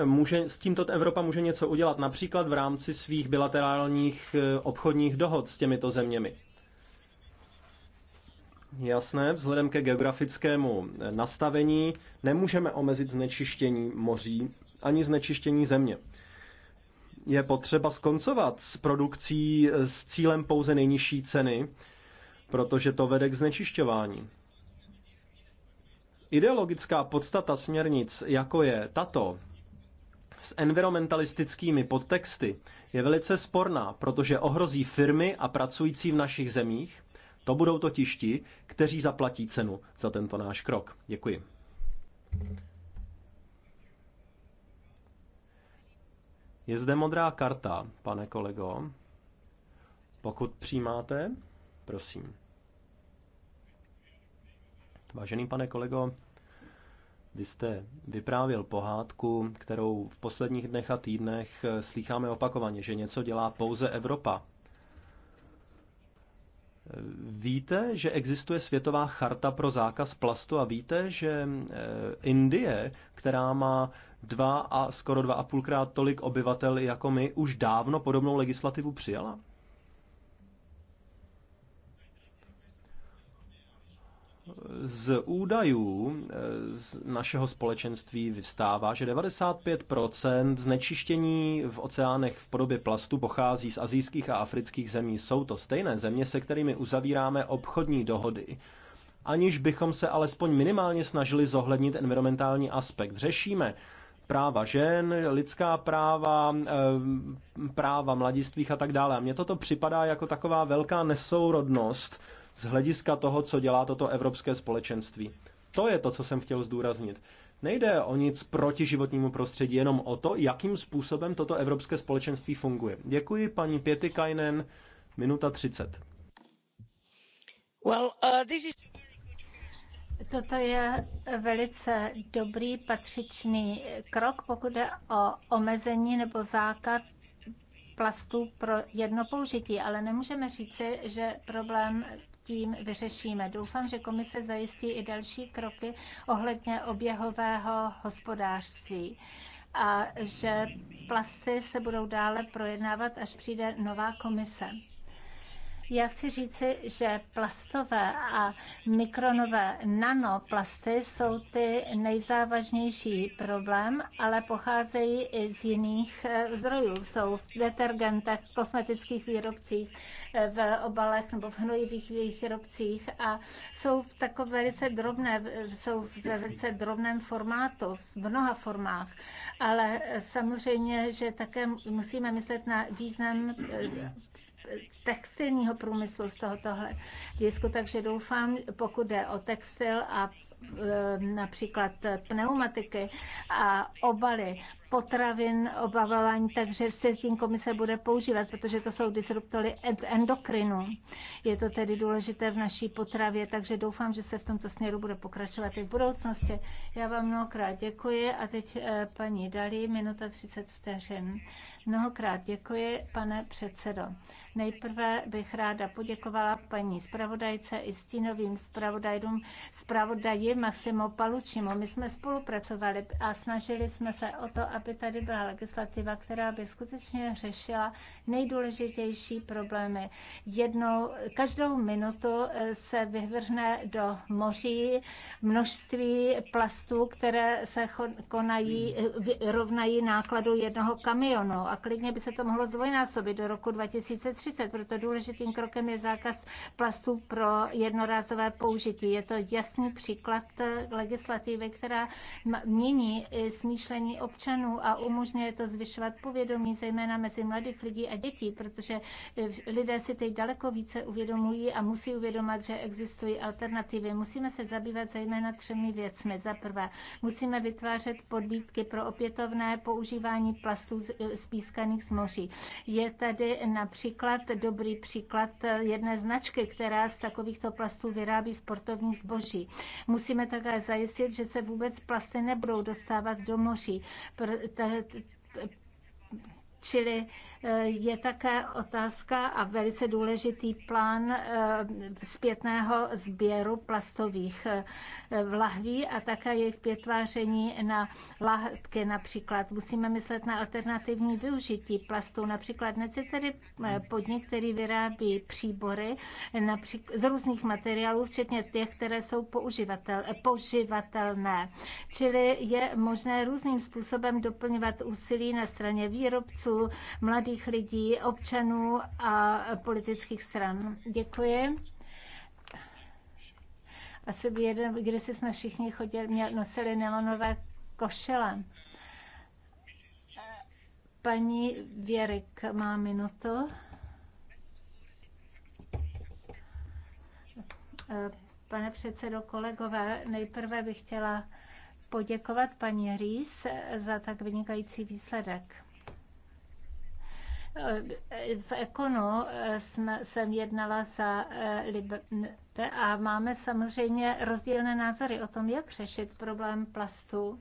může, s tímto Evropa může něco udělat, například v rámci svých bilaterálních e, obchodních dohod s těmito zeměmi. Jasné, vzhledem ke geografickému e, nastavení nemůžeme omezit znečištění moří ani znečištění země. Je potřeba skoncovat s produkcí e, s cílem pouze nejnižší ceny, protože to vede k znečišťování. Ideologická podstata směrnic, jako je tato, s environmentalistickými podtexty je velice sporná, protože ohrozí firmy a pracující v našich zemích. To budou totiž ti, kteří zaplatí cenu za tento náš krok. Děkuji. Je zde modrá karta, pane kolego. Pokud přijímáte, prosím. Vážený pane kolego, vy jste vyprávěl pohádku, kterou v posledních dnech a týdnech eh, slýcháme opakovaně, že něco dělá pouze Evropa. Eh, víte, že existuje světová charta pro zákaz plastu a víte, že eh, Indie, která má dva a skoro dva a půlkrát tolik obyvatel jako my, už dávno podobnou legislativu přijala? Z údajů eh, z našeho společenství vyvstává, že 95% znečištění v oceánech v podobě plastu pochází z azijských a afrických zemí. Jsou to stejné země, se kterými uzavíráme obchodní dohody, aniž bychom se alespoň minimálně snažili zohlednit environmentální aspekt. Řešíme práva žen, lidská práva, eh, práva mladistvých a tak dále. A mně toto připadá jako taková velká nesourodnost z hlediska toho, co dělá toto evropské společenství. To je to, co jsem chtěl zdůraznit. Nejde o nic proti životnímu prostředí, jenom o to, jakým způsobem toto evropské společenství funguje. Děkuji paní Pětikajnen, minuta 30. Well, uh, this is... Toto je velice dobrý patřičný krok, pokud je o omezení nebo zákaz plastů pro jedno použití, ale nemůžeme říci, že problém tím vyřešíme. Doufám, že komise zajistí i další kroky ohledně oběhového hospodářství a že plasty se budou dále projednávat, až přijde nová komise. Já chci říci, že plastové a mikronové nanoplasty jsou ty nejzávažnější problém, ale pocházejí i z jiných eh, zdrojů. Jsou v detergentech, v kosmetických výrobcích, eh, v obalech nebo v hnojivých výrobcích a jsou v takové velice drobné, jsou v velice drobném formátu, v mnoha formách. Ale eh, samozřejmě, že také musíme myslet na význam textilního průmyslu z tohotohle disku, takže doufám, pokud jde o textil a e, například pneumatiky a obaly potravin, obavování, takže se tím komise bude používat, protože to jsou disruptory endokrinu. Je to tedy důležité v naší potravě, takže doufám, že se v tomto směru bude pokračovat i v budoucnosti. Já vám mnohokrát děkuji a teď eh, paní Dalí, minuta 30 vteřin. Mnohokrát děkuji, pane předsedo. Nejprve bych ráda poděkovala paní zpravodajce i stínovým zpravodajům, zpravodaji Maximo Palučimo. My jsme spolupracovali a snažili jsme se o to, aby aby tady byla legislativa, která by skutečně řešila nejdůležitější problémy. Jednou, každou minutu eh, se vyvrhne do moří množství plastů, které se konají, eh, rovnají nákladu jednoho kamionu a klidně by se to mohlo zdvojnásobit do roku 2030, proto důležitým krokem je zákaz plastů pro jednorázové použití. Je to jasný příklad eh, legislativy, která mění smýšlení občanů občanů a umožňuje to zvyšovat povědomí, zejména mezi mladých lidí a dětí, protože eh, lidé si teď daleko více uvědomují a musí uvědomat, že existují alternativy. Musíme se zabývat zejména třemi věcmi. Za prvé, musíme vytvářet podbídky pro opětovné používání plastů eh, spískaných z moří. Je tady například dobrý příklad eh, jedné značky, která z takovýchto plastů vyrábí sportovní zboží. Musíme také zajistit, že se vůbec plasty nebudou dostávat do moří, pro té Čili eh, je také otázka a velice důležitý plán eh, zpětného sběru plastových eh, lahví a také jejich pětváření na lahky například. Musíme myslet na alternativní využití plastů. Například dnes je tedy podnik, který vyrábí příbory z různých materiálů, včetně těch, které jsou použivatel, poživatelné. Čili je možné různým způsobem doplňovat úsilí na straně výrobců, zástupců mladých lidí, občanů a politických stran. Děkuji asi by jeden, se jsme všichni chodili, měl, nosili nylonové košile. Paní Věrik má minutu. Pane předsedo, kolegové, nejprve bych chtěla poděkovat paní Rýs za tak vynikající výsledek. V Ekonu eh, jsme, jsem jednala za eh, a máme samozřejmě rozdílné názory o tom, jak řešit problém plastu.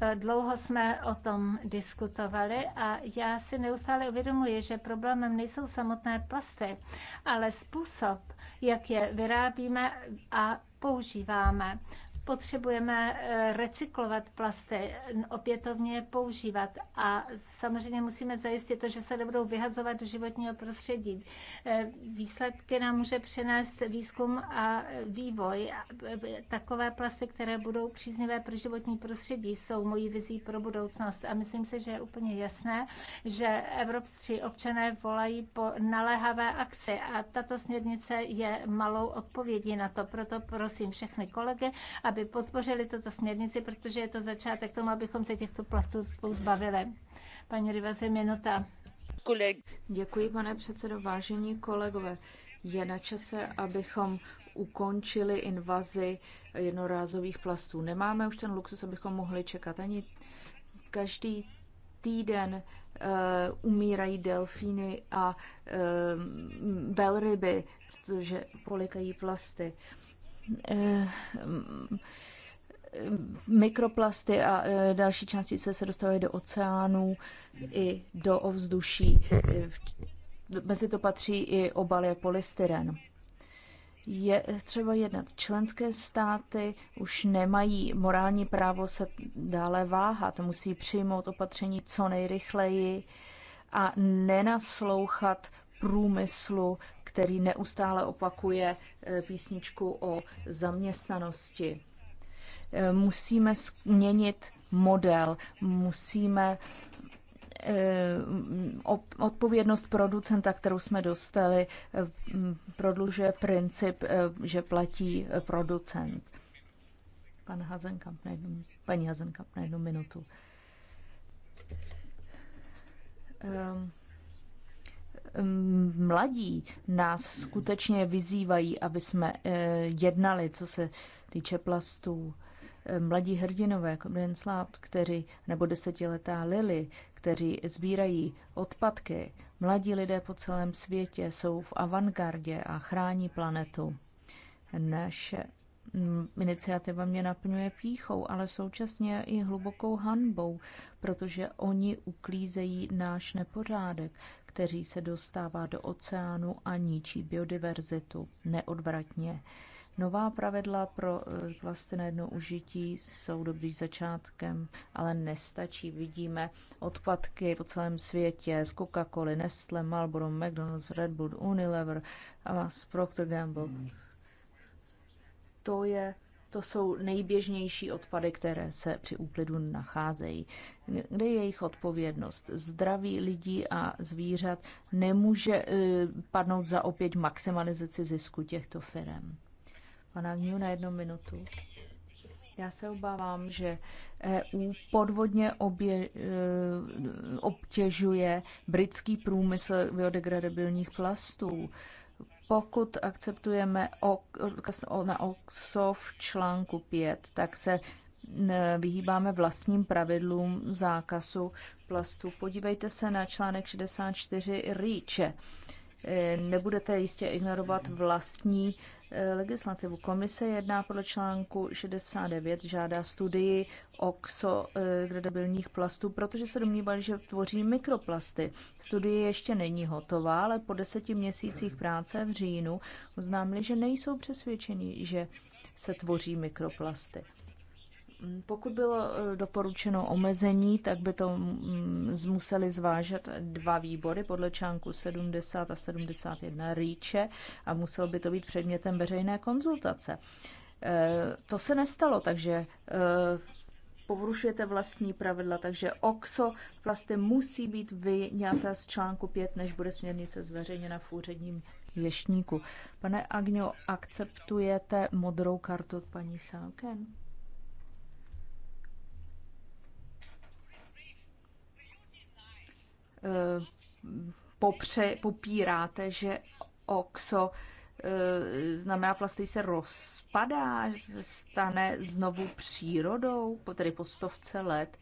Eh, dlouho jsme o tom diskutovali a já si neustále uvědomuji, že problémem nejsou samotné plasty, ale způsob, jak je vyrábíme a používáme potřebujeme eh, recyklovat plasty, opětovně je používat a samozřejmě musíme zajistit to, že se nebudou vyhazovat do životního prostředí. Eh, výsledky nám může přinést výzkum a eh, vývoj. Takové plasty, které budou příznivé pro životní prostředí, jsou mojí vizí pro budoucnost a myslím si, že je úplně jasné, že evropští občané volají po naléhavé akci a tato směrnice je malou odpovědí na to. Proto prosím všechny kolegy, aby aby podpořili tuto směrnici, protože je to začátek tomu, abychom se těchto platů spolu zbavili. Paní je minuta. Děkuji, pane předsedo. Vážení kolegové, je na čase, abychom ukončili invazi jednorázových plastů. Nemáme už ten luxus, abychom mohli čekat ani každý týden uh, umírají delfíny a uh, velryby, protože polikají plasty. Eh, mikroplasty a eh, další částice se dostávají do oceánů i do ovzduší. Eh, mezi to patří i obaly polystyren. Je třeba jednat. Členské státy už nemají morální právo se dále váhat. Musí přijmout opatření co nejrychleji a nenaslouchat průmyslu, který neustále opakuje eh, písničku o zaměstnanosti. Eh, musíme změnit model, musíme eh, odpovědnost producenta, kterou jsme dostali, prodlužuje princip, že platí producent. Pan Hazenkamp na jednu, paní Hazenkamp na jednu minutu. Um, mladí nás skutečně vyzývají, aby jsme e, jednali, co se týče plastů. E, mladí hrdinové, jako Ben Slab, který, nebo desetiletá Lily, kteří sbírají odpadky. Mladí lidé po celém světě jsou v avantgardě a chrání planetu. Naše iniciativa mě naplňuje píchou, ale současně i hlubokou hanbou, protože oni uklízejí náš nepořádek, kteří se dostává do oceánu a ničí biodiverzitu neodvratně. Nová pravidla pro eh, plasty na jedno užití jsou dobrým začátkem, ale nestačí. Vidíme odpadky po celém světě z coca cola Nestle, Marlboro, McDonald's, Red Bull, Unilever, a Procter Gamble. To je to jsou nejběžnější odpady, které se při úklidu nacházejí. Kde je jejich odpovědnost? Zdraví lidí a zvířat nemůže e, padnout za opět maximalizaci zisku těchto firm. Pana Agniu na jednu minutu. Já se obávám, že EU podvodně obě, e, obtěžuje britský průmysl biodegradabilních plastů. Pokud akceptujeme na OXO v článku 5, tak se vyhýbáme vlastním pravidlům zákazu plastu. Podívejte se na článek 64 Ríče. Nebudete jistě ignorovat vlastní Eh, legislativu. Komise jedná podle článku 69, žádá studii o xogradabilních eh, plastů, protože se domnívali, že tvoří mikroplasty. Studie ještě není hotová, ale po deseti měsících práce v říjnu oznámili, že nejsou přesvědčeni, že se tvoří mikroplasty. Pokud bylo e, doporučeno omezení, tak by to mm, museli zvážet dva výbory podle článku 70 a 71 rýče a musel by to být předmětem veřejné konzultace. E, to se nestalo, takže e, povrušujete vlastní pravidla, takže oxoplasty musí být vyňaté z článku 5, než bude směrnice zveřejněna v úředním věštníku. Pane Agňo, akceptujete modrou kartu od paní Sáken? Eh, popře, popíráte, že OXO eh, znamená plasty se rozpadá, se stane znovu přírodou, tedy po stovce let.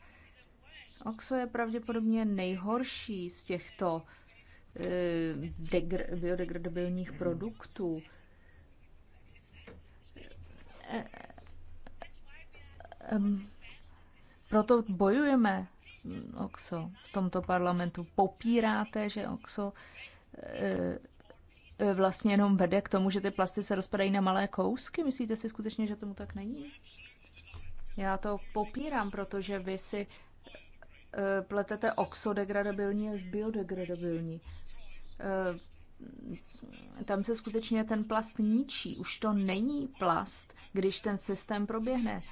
OXO je pravděpodobně nejhorší z těchto eh, degr- biodegradabilních produktů. Proto bojujeme OXO v tomto parlamentu. Popíráte, že OXO eh, eh, vlastně jenom vede k tomu, že ty plasty se rozpadají na malé kousky? Myslíte si skutečně, že tomu tak není? Já to popírám, protože vy si eh, pletete degradabilní s biodegradabilní. Tam se skutečně ten plast ničí. Už to není plast, když ten systém proběhne.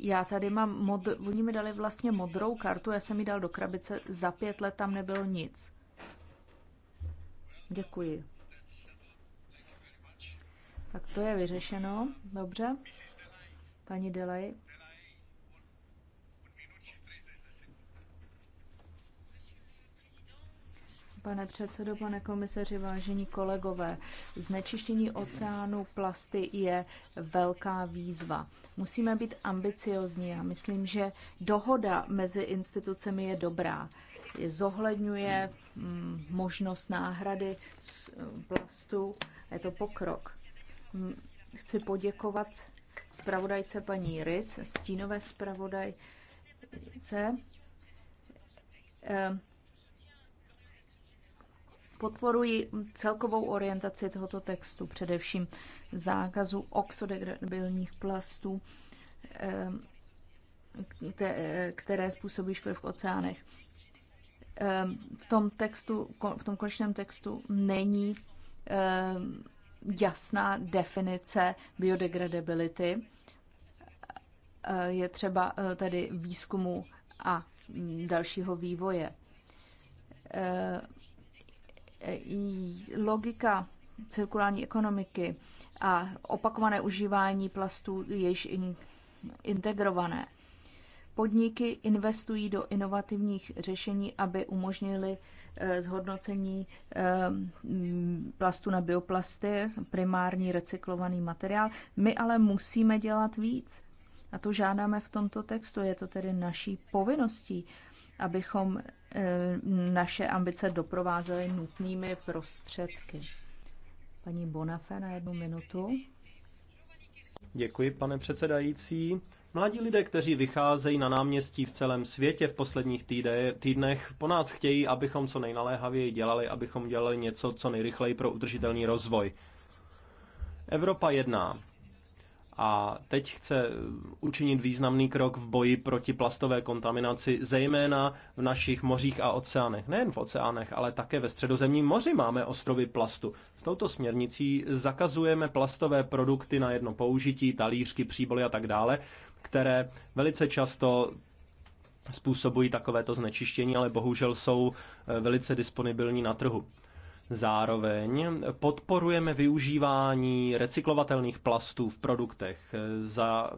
Já tady mám, mod, oni mi dali vlastně modrou kartu, já jsem ji dal do krabice, za pět let tam nebylo nic. Děkuji. Tak to je vyřešeno, dobře. Paní Delej. Pane předsedo, pane komisaři, vážení kolegové, znečištění oceánu plasty je velká výzva. Musíme být ambiciozní a myslím, že dohoda mezi institucemi je dobrá. Zohledňuje mm, možnost náhrady mm, plastu, je to pokrok. Chci poděkovat zpravodajce paní Rys, stínové zpravodajce ehm, Podporuji celkovou orientaci tohoto textu, především zákazu oxodegradabilních plastů, eh, které způsobují škody v oceánech. Eh, v tom, textu, v tom konečném textu není eh, jasná definice biodegradability. Je třeba tedy výzkumu a dalšího vývoje logika cirkulární ekonomiky a opakované užívání plastů je již in, integrované. Podniky investují do inovativních řešení, aby umožnili eh, zhodnocení eh, plastu na bioplasty, primární recyklovaný materiál. My ale musíme dělat víc. A to žádáme v tomto textu. Je to tedy naší povinností, abychom naše ambice doprovázely nutnými prostředky. Paní Bonafé na jednu minutu. Děkuji, pane předsedající. Mladí lidé, kteří vycházejí na náměstí v celém světě v posledních týde, týdnech, po nás chtějí, abychom co nejnaléhavěji dělali, abychom dělali něco co nejrychleji pro udržitelný rozvoj. Evropa jedná a teď chce učinit významný krok v boji proti plastové kontaminaci, zejména v našich mořích a oceánech. Nejen v oceánech, ale také ve středozemním moři máme ostrovy plastu. S touto směrnicí zakazujeme plastové produkty na jedno použití, talířky, příboly a tak dále, které velice často způsobují takovéto znečištění, ale bohužel jsou eh, velice disponibilní na trhu. Zároveň podporujeme využívání recyklovatelných plastů v produktech. Za,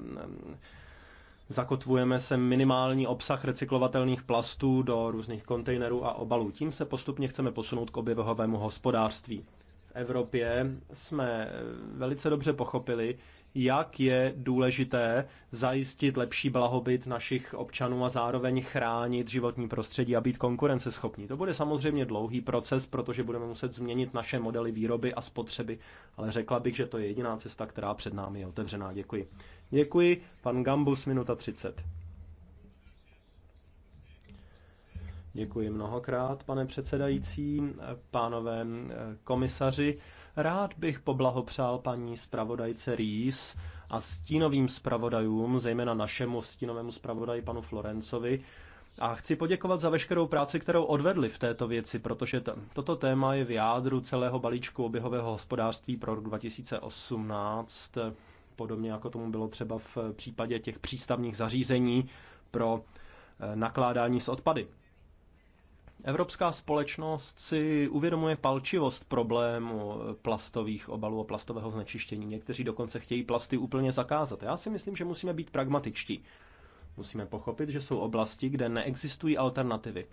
zakotvujeme se minimální obsah recyklovatelných plastů do různých kontejnerů a obalů. Tím se postupně chceme posunout k oběhovému hospodářství. V Evropě jsme velice dobře pochopili, jak je důležité zajistit lepší blahobyt našich občanů a zároveň chránit životní prostředí a být konkurenceschopní. To bude samozřejmě dlouhý proces, protože budeme muset změnit naše modely výroby a spotřeby, ale řekla bych, že to je jediná cesta, která před námi je otevřená. Děkuji. Děkuji, pan Gambus, minuta 30. Děkuji mnohokrát, pane předsedající, pánové eh, komisaři. Rád bych poblahopřál paní zpravodajce Rýs a stínovým zpravodajům, zejména našemu stínovému zpravodaji panu Florencovi, a chci poděkovat za veškerou práci, kterou odvedli v této věci, protože t- toto téma je v jádru celého balíčku oběhového hospodářství pro rok 2018, podobně jako tomu bylo třeba v případě těch přístavních zařízení pro eh, nakládání s odpady. Evropská společnost si uvědomuje palčivost problému plastových obalů a plastového znečištění. Někteří dokonce chtějí plasty úplně zakázat. Já si myslím, že musíme být pragmatičtí. Musíme pochopit, že jsou oblasti, kde neexistují alternativy.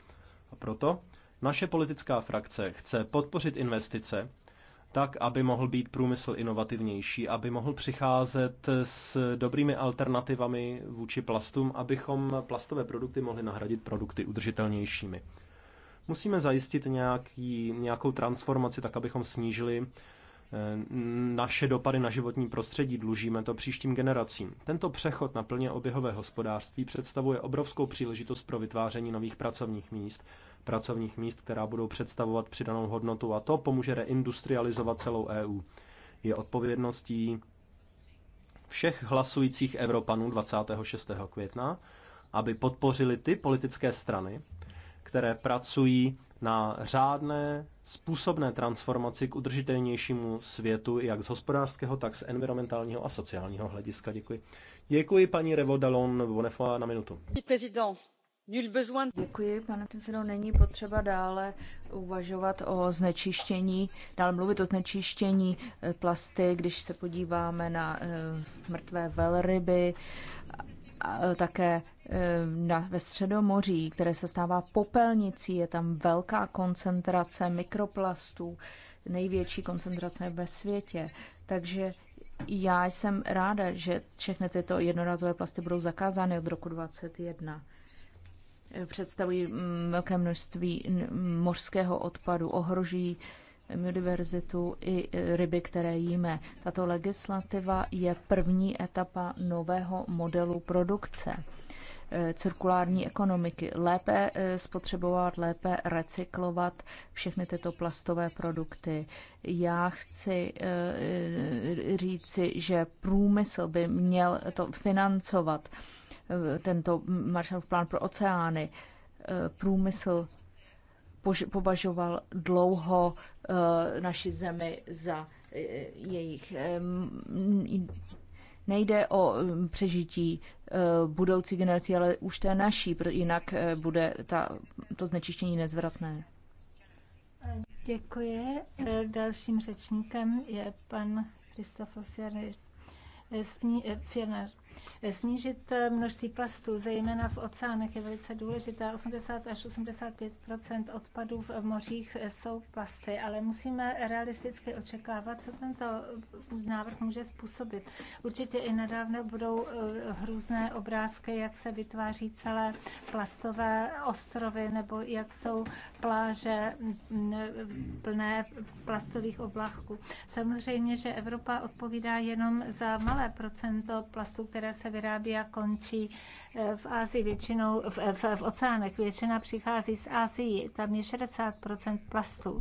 A proto naše politická frakce chce podpořit investice, tak, aby mohl být průmysl inovativnější, aby mohl přicházet s dobrými alternativami vůči plastům, abychom plastové produkty mohli nahradit produkty udržitelnějšími. Musíme zajistit nějaký, nějakou transformaci, tak abychom snížili eh, naše dopady na životní prostředí, dlužíme to příštím generacím. Tento přechod na plně oběhové hospodářství představuje obrovskou příležitost pro vytváření nových pracovních míst, pracovních míst, která budou představovat přidanou hodnotu a to pomůže reindustrializovat celou EU. Je odpovědností všech hlasujících Evropanů 26. května, aby podpořili ty politické strany, které pracují na řádné způsobné transformaci k udržitelnějšímu světu, jak z hospodářského, tak z environmentálního a sociálního hlediska. Děkuji. Děkuji paní Revodalon Bonefa na minutu. Děkuji, pane předsedo. Není potřeba dále uvažovat o znečištění, dále mluvit o znečištění eh, plasty, když se podíváme na eh, mrtvé velryby, také Eh, na, ve Středomoří, které se stává popelnicí, je tam velká koncentrace mikroplastů, největší koncentrace ve světě. Takže já jsem ráda, že všechny tyto jednorázové plasty budou zakázány od roku 2021. Představují mm, velké množství mořského odpadu, ohrožují biodiverzitu i e, ryby, které jíme. Tato legislativa je první etapa nového modelu produkce Eh, cirkulární ekonomiky, lépe eh, spotřebovat, lépe recyklovat všechny tyto plastové produkty. Já chci eh, říci, že průmysl by měl to financovat, tento Marshallův plán pro oceány. Průmysl považoval dlouho naši zemi za jejich Nejde o um, přežití uh, budoucí generací, ale už té naší, jinak uh, bude ta, to znečištění nezvratné. Děkuji. Eh, dalším řečníkem je pan Kristof Fierner. Eh, Snížit množství plastů, zejména v oceánech, je velice důležité. 80 až 85 odpadů v mořích jsou plasty, ale musíme realisticky očekávat, co tento návrh může způsobit. Určitě i nadávno budou eh, hrůzné obrázky, jak se vytváří celé plastové ostrovy nebo jak jsou pláže mm, plné plastových oblaků. Samozřejmě, že Evropa odpovídá jenom za malé procento plastů, které které se vyrábí a končí eh, v Asii většinou, v, v, v oceánech. Většina přichází z Ázii, tam je 60 plastů.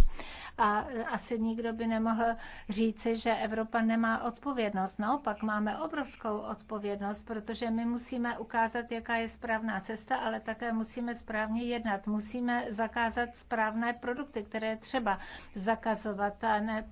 A asi nikdo by nemohl říci, že Evropa nemá odpovědnost. Naopak máme obrovskou odpovědnost, protože my musíme ukázat, jaká je správná cesta, ale také musíme správně jednat. Musíme zakázat správné produkty, které třeba zakazovat a ne